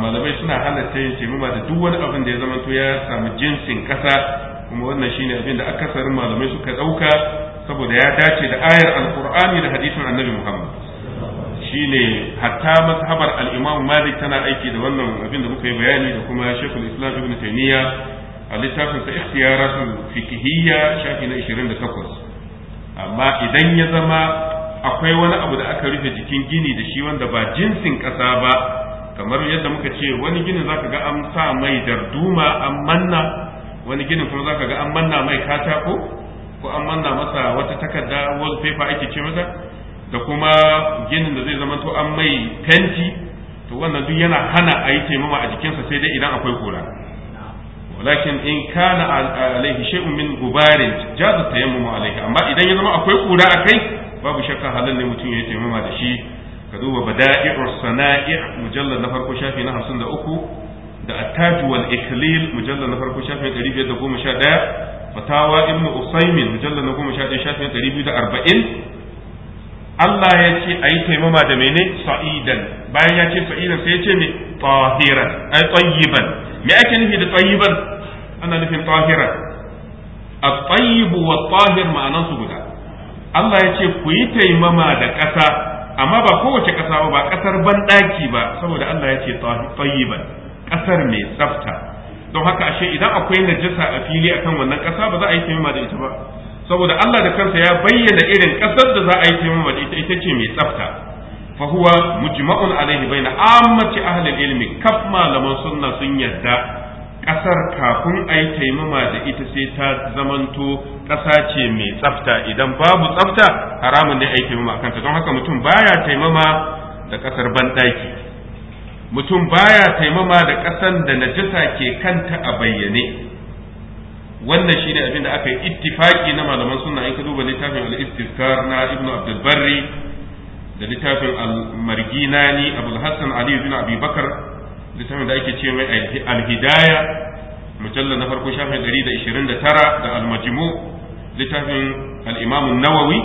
malamai suna halatta yin taimama da duk wani abin da ya zama to ya samu jinsin ƙasa kuma wannan shine abin da akasarin malamai suka ɗauka saboda ya dace da ayar alqur'ani da hadisin annabi muhammad shine hatta mazhabar al-imam malik tana aiki da wannan abin da muka yi bayani da kuma shekul islam ibn taymiya a littafin sa ikhtiyaratul fiqhiyya shafi na 28 amma idan ya zama akwai wani abu da aka rufe jikin gini da shi wanda ba jinsin ƙasa ba kamar yadda muka ce wani gini zaka ga an sa mai darduma an manna wani gini kuma zaka ga an manna mai katako ko an manna masa wata takarda paper ake ce masa da kuma ginin da zai zama to an mai fenti to wannan duk yana hana a yi taimama a jikinsa sai dai idan akwai kura walakin in kana alaihi shay'un min gubarin jazu tayammumu alaihi amma idan ya zama akwai kura kai babu shakka halal ne mutum ya taimama da shi ka duba bada'i'ur sana'i' mujallal na farko shafi na 53 da at-taj wal iklil mujallal na farko shafi 511 fatawa ibnu usaymin mujallal na goma sha ɗaya shafin ɗari biyu da arba'in Allah ya ce a yi taimama da mene sa'idan bayan ya ce sa'idan ya ce me tahiran ai tayyiban me ake nufi da tayyiban ana nufin tahiran at-tayyib wa tahir ma'anan guda Allah ya ce ku yi taimama da ƙasa amma ba kowace ƙasa ba ba ƙasar banɗaki ba saboda Allah ya ce tayyiban ƙasar mai tsafta don haka ashe idan akwai najasa a fili akan wannan ƙasa ba za a yi taimama da ita ba saboda Allah da kansa ya bayyana irin ƙasar da za a yi taimama da ita ita ce mai tsafta fa huwa mujma'un alaihi baina ammati ahli ilmi kaf malaman sunna sun yadda ƙasar kafin a yi taimama da ita sai ta zamanto ƙasa ce mai tsafta idan babu tsafta haramun ne a yi taimama kanta don haka mutum baya taimama da ƙasar banɗaki mutum baya taimama da ƙasan da najasa ke kanta a bayyane wannan shine abin da aka yi ittifaki na malaman suna. in ka duba littafin al-istizkar na ibnu abdul barri da littafin al-marginani abul hasan ali ibn abi bakar littafin da ake ce mai al-hidaya mujalla na farko shafin 129 da al-majmu littafin al-imam an-nawawi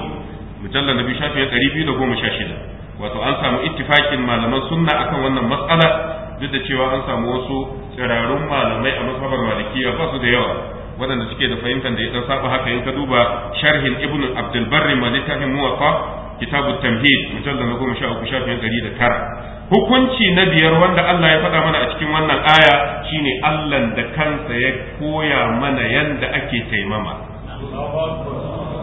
mujalla na biyu shafin 216 wato an samu ittifakin malaman sunna akan wannan matsala duk da cewa an samu wasu tsirarun malamai a masabar malikiya ba su da yawa waɗanda suke da fahimtar da ya dan saba haka in ka duba sharhin ibnu abdul barri ma littafin muwatta kitabut tamhid mujallal na goma sha uku shafin ɗari da tara hukunci na biyar wanda Allah ya faɗa mana a cikin wannan aya shine Allah da kansa ya koya mana yanda ake taimama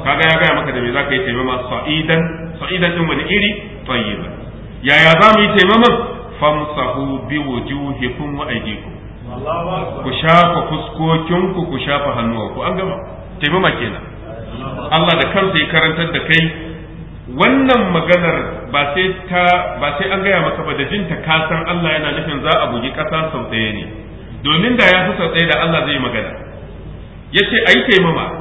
kaga ya gaya maka da me zaka yi taimama sa'idan sa'idan din wani iri tayyiba yaya za mu yi taimaman famsahu bi wujuhikum wa aydikum ku shafa fuskokinku ku shafa hannuwanku an gama taimama kenan Allah da kansa ya karantar da kai wannan maganar ba sai ta ba sai an gaya maka ba da jinta ka san Allah yana nufin za a bugi ƙasa sau ɗaya ne domin da ya fi sau da Allah zai magana yace ayi taimama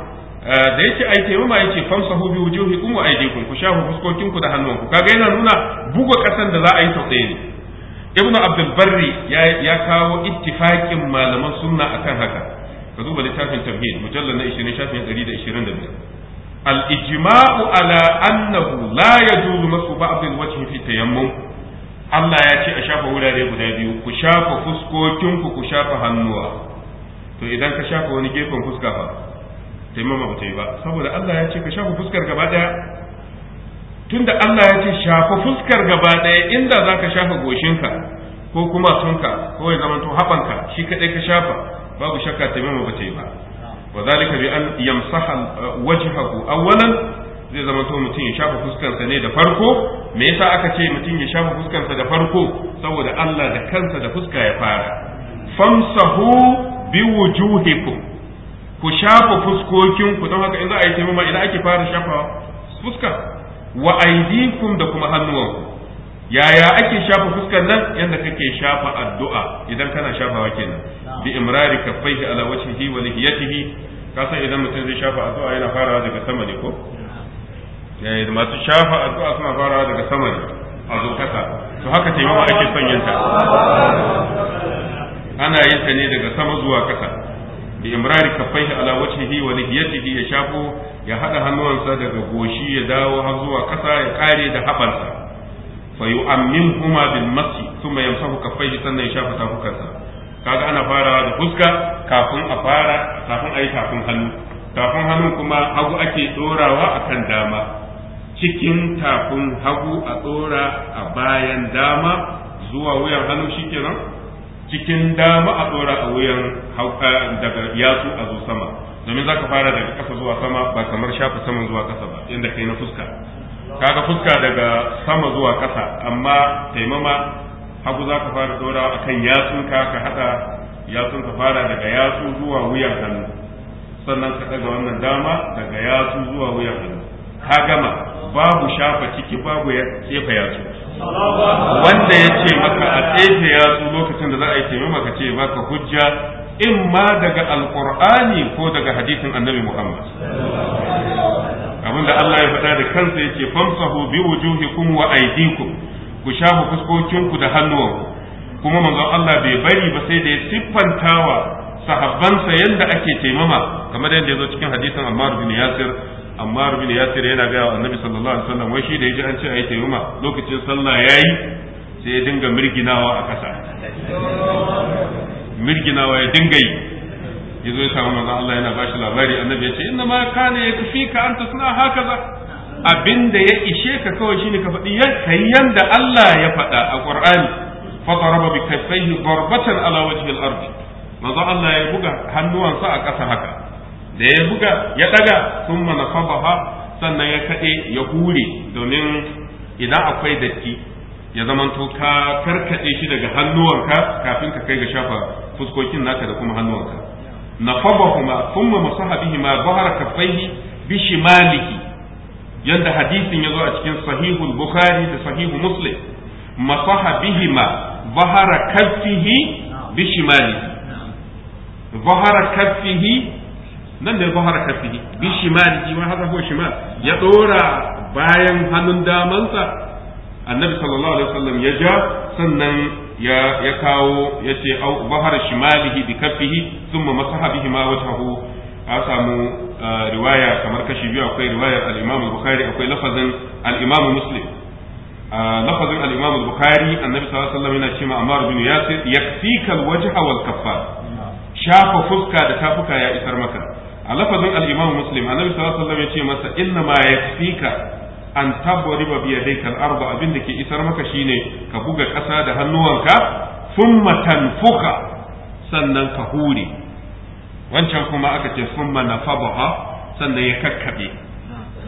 Eh, da yake ai yake famsa famsahu bi wujuhikum wa aydikum ku shafu fuskokin ku da ku kaga yana nuna buga kasan da za a yi tausayin. ibn abdul barri ya kawo ittifaqin malaman sunna akan haka ka zuba littafin tafhid mujallal na 20 shafin 125 al ijma'u ala annahu la yajuzu masu ba'dil wajhi fi tayammum Allah ya ce a shafa wurare guda biyu ku shafa fuskokin ku ku shafa hannuwa to idan ka shafa wani gefen fuska fa taimama ba ta yi ba saboda Allah ya ce ka shafa fuskar gaba tunda Allah ya ce shafa fuskar gaba ɗaya inda zaka shafa goshinka ko kuma sunka ko ya zama to habanka shi kaɗai ka shafa babu shakka taimama ba ta yi ba wa zalika bi an yamsaha wajhahu awwalan zai zama to mutum ya shafa fuskarsa ne da farko me yasa aka ce mutum ya shafa fuskarsa da farko saboda Allah da kansa da fuska ya fara famsahu bi wujuhikum ku shafa fuskokin ku. don haka in za a yi taimama idan ake fara shafa fuska wa aidikum da kuma ku. yaya ake shafa fuskar nan yadda kake shafa addu'a idan kana shafawa kenan bi imrari kaffaihi ala wajhihi wa lihiyatihi ka san idan mutum zai shafa addu'a yana farawa daga sama ne ko eh, masu shafa addu'a suna farawa daga sama ne a zo to haka taimama ake son yanta. ana yin ta ne daga sama zuwa kasa bi imrari kaffaihi ala wajhihi wa lihiyatihi ya shafo ya hada hannuwansa daga goshi ya dawo har zuwa kasa ya kare da habansa fa yu'ammimuhuma bil masi thumma yamsahu kaffaihi sannan ya shafa tafukansa kaga ana farawa da fuska kafin a fara kafin ayi tafin hannu tafin hannun kuma hagu ake dorawa akan dama cikin tafin hagu a dora a bayan dama zuwa wuyan hannu shikenan cikin dama a dora a wuyan hauka eh, daga yatsu a zo sama domin zaka fara daga ƙasa zuwa sama ba kamar shafa saman zuwa ƙasa ba inda kai na fuska kaga fuska daga sama zuwa ƙasa amma taimama hagu zaka fara dora akan yatsun ka hada ka fara daga yatsu zuwa wuyan hannu sannan ka daga wannan dama daga yatsu zuwa wuyan hannu ka gama babu shafa ciki babu ya tsefa yatsu wanda ya ce maka a tsefe su lokacin da za a yi taimama ka ce ka hujja in ma daga Alƙur'ani ko daga hadisin annabi muhammad abinda Allah ya faɗa da kansa ce famsahu bi wujuhikum wa aydikum ku sha shafa fuskokinku da hannuwanku kuma manzo Allah bai bari ba sai da ya siffantawa sahabbansa yadda ake taimama kamar yadda ya zo cikin hadisin Ammar bin Yasir amma rubin ya tsira yana gaya wa annabi sallallahu alaihi wasallam wai shi da yaji an ce ayi tayyuma lokacin sallah yayi sai ya dinga mirginawa a ƙasa mirginawa ya dinga yi yazo ya samu manzo Allah yana bashi labari annabi ya ce inna ma kana yakfika anta suna hakaza abinda ya ishe ka kawai shine ka faɗi kai yanda Allah ya faɗa a Qur'ani fa daraba bi kaffayhi darbatan ala wajhi al ardh manzo Allah ya buga hannuwansa a kasa haka da ya buga ya daga sun manafabaha sannan ya kaɗe ya hure domin idan akwai datti ya zamanto ka karkaɗe shi daga hannuwanka kafin ka kai ga shafa fuskokin naka da kuma hannuwanka kuma masu masahabihi ma zahara kaffaihi bi maliki yadda hadisin ya zo a cikin sahihul bukhari da sahihu muslim haɗihi ma zahara kaffihi bi maliki zahara kaffihi nan ne ko har kafi bi shimali wa hadha shi ma ya dora bayan hannun damansa annabi sallallahu alaihi wasallam ya ja sannan ya ya kawo ya ce au bahar shimalihi bi kaffihi thumma masaha bihi ma wajhahu a samu riwaya kamar kashi biyu akwai riwayar al-Imam bukhari akwai lafazin al-Imam Muslim lafazin al-Imam bukhari annabi sallallahu alaihi wasallam yana cewa Ammar bin Yasir yakfika al-wajha wal kaffa shafa fuska da tafuka ya isar maka a lafazin al-imam muslim annabi sallallahu alaihi wasallam ya ce masa inna ma yakfika an tabriba bi dai al-ardh abin da ke isar maka shine ka buga ƙasa da hannuwanka thumma tanfuka sannan ka hure wancan kuma aka ce thumma nafabaha sannan ya kakkabe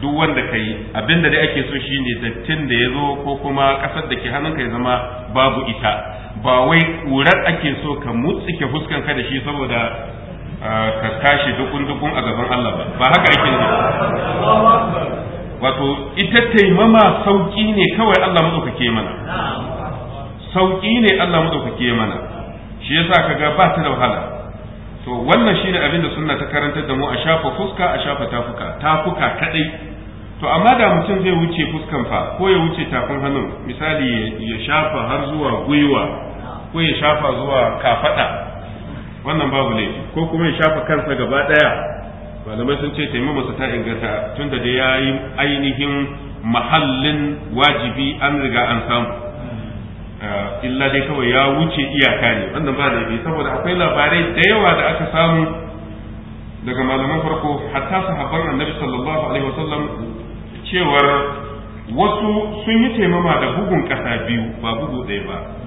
duk wanda ka yi abinda dai ake so shine dattin da ya zo ko kuma ƙasar da ke hannunka ya zama babu ita ba wai ƙurar ake so ka mutsike fuskanka da shi saboda ka tashi dukun dukun a gaban Allah ba ba haka yake ne wato ita taimama sauki ne kawai Allah madaukake mana sauki ne Allah madaukake mana shi yasa kaga ba ta da wahala to wannan shine abin da sunna ta karantar da mu a shafa fuska a shafa tafuka tafuka kadai to amma da mutum zai wuce fuskan fa ko ya wuce tafin hannu misali ya shafa har zuwa gwiwa ko ya shafa zuwa kafada wannan babu ne ko kuma ya shafa kansa gaba daya malamai sun ce taimamarsa ta inganta tunda da ya yi ainihin mahallin wajibi an riga an samu eh, illa dai kawai ya wuce iyaka ne wannan ba da saboda akwai labarai da yawa da aka samu daga malaman farko hatta su a annabi sallallahu alaihi wasallam cewar wasu sun yi taimama da bugun ƙasa biyu ba bugu ɗaya ba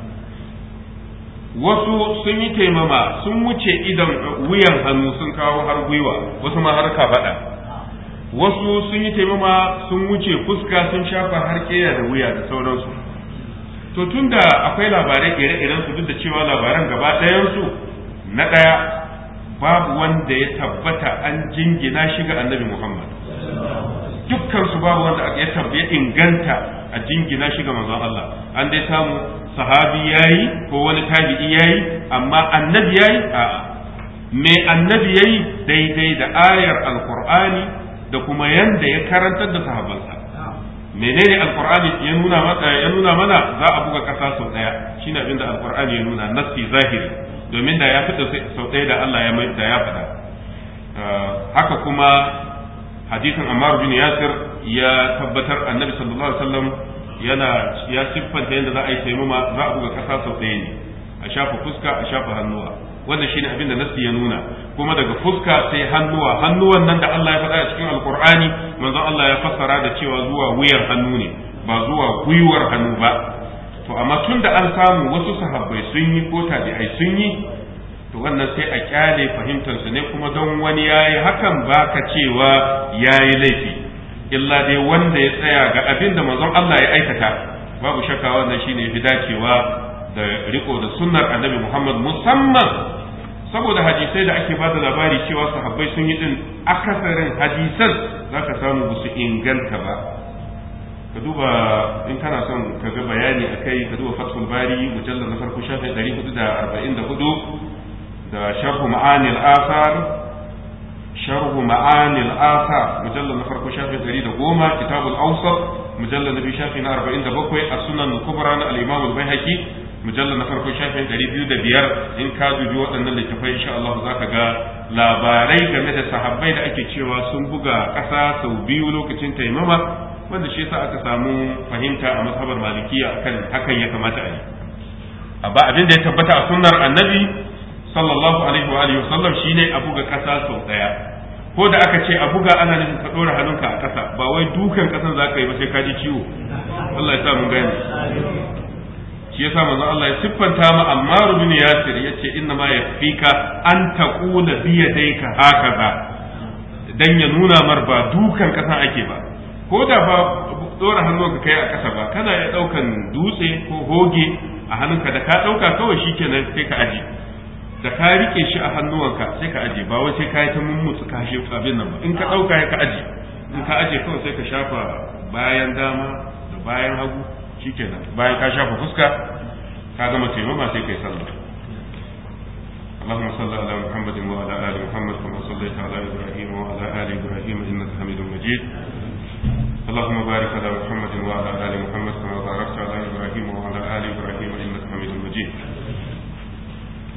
wasu sun yi taimama sun wuce idan wuyan hannu sun kawo har gwiwa wasu ma har kafaɗa wasu sun yi taimama sun wuce fuska sun shafa har keya da wuya da sauransu to tun da akwai labarai ire-iren su duk da cewa labaran gaba ɗayansu na ɗaya babu wanda ya tabbata an jingina shi ga annabi muhammad dukkan su babu wanda ya tambaye inganta a jingina shi ga manzon Allah an dai samu sahabi yayi ko wani tabi'i yayi amma annabi yayi a'a me annabi yayi daidai da ayar alqur'ani da kuma yanda ya karantar da sahabbansa menene alqur'ani ya nuna mana ya nuna mana za a buga kasa sau daya shine abin da alqur'ani ya nuna nassi zahiri domin da ya fita sau daya da Allah ya mai da ya faɗa haka kuma hadisin Ammar bin Yasir ya tabbatar annabi sallallahu alaihi wasallam yana ya siffanta yadda za a yi taimama za a buga kasa sau ɗaya ne a shafa fuska a shafa hannuwa wannan shine abin da nasi ya nuna kuma daga fuska sai hannuwa hannuwan nan da Allah ya faɗa a cikin alkur'ani manzon Allah ya fassara da cewa zuwa wuyar hannu ne ba zuwa gwiwar hannu ba to amma tun da an samu wasu sahabbai sun yi ko tabi'ai sun yi to wannan sai a kyale su ne kuma don wani yayi hakan baka cewa yayi laifi illa dai wanda ya tsaya ga abin da manzon Allah ya aikata babu shakka wannan shine fi dacewa da riko da sunnar annabi Muhammad musamman saboda hadisai da ake bada labari cewa sahabbai sun yi din akasarin hadisan zaka samu ba su inganta ba ka duba in kana son ka ga bayani akai ka duba fatul bari mujallal na farko shafin 444 da sharhu ma'anil asar sharhu ma'anil asar mujallal na farko shafi 110 kitabul awsat mujallal na biyu shafi na 47 as-sunan al-kubra na al-imam al-baihaqi mujallal na farko shafi 205 in ka dubi waɗannan littafai insha Allah ka ga labarai game da sahabbai da ake cewa sun buga ƙasa sau biyu lokacin taimama wanda shi yasa aka samu fahimta a masabar malikiya akan hakan ya kamata a yi ba abin da ya tabbata a sunnar annabi sallallahu alaihi wa alihi wasallam shine a buga kasa sau daya ko da aka ce a buga ana nufin ka dora hannunka a kasa ba wai dukan kasar za ka yi ba sai ka ji ciwo Allah ya sa mun gane shi yasa manzo Allah ya siffanta ma Ammar bin Yasir yace inna ma yafika an taqula bi yadayka hakaza dan ya nuna mar ba dukan kasa ake ba ko da ba dora ka kai a kasa ba kana ya daukan dutse ko hoge a hannunka da ka dauka kawai shikenan sai ka aje da ka rike shi a hannuwanka sai ka aje ba wai sai ka yi ta mummutsu ka shi abin nan ba in ka ɗauka ya ka aje in ka aje kawai sai ka shafa bayan dama da bayan hagu shi shikenan bayan ka shafa fuska ka gama taimama sai ka yi sallah اللهم صل على محمد وعلى ال محمد كما صليت على ابراهيم وعلى ال ابراهيم انك حميد مجيد اللهم بارك على محمد وعلى ال محمد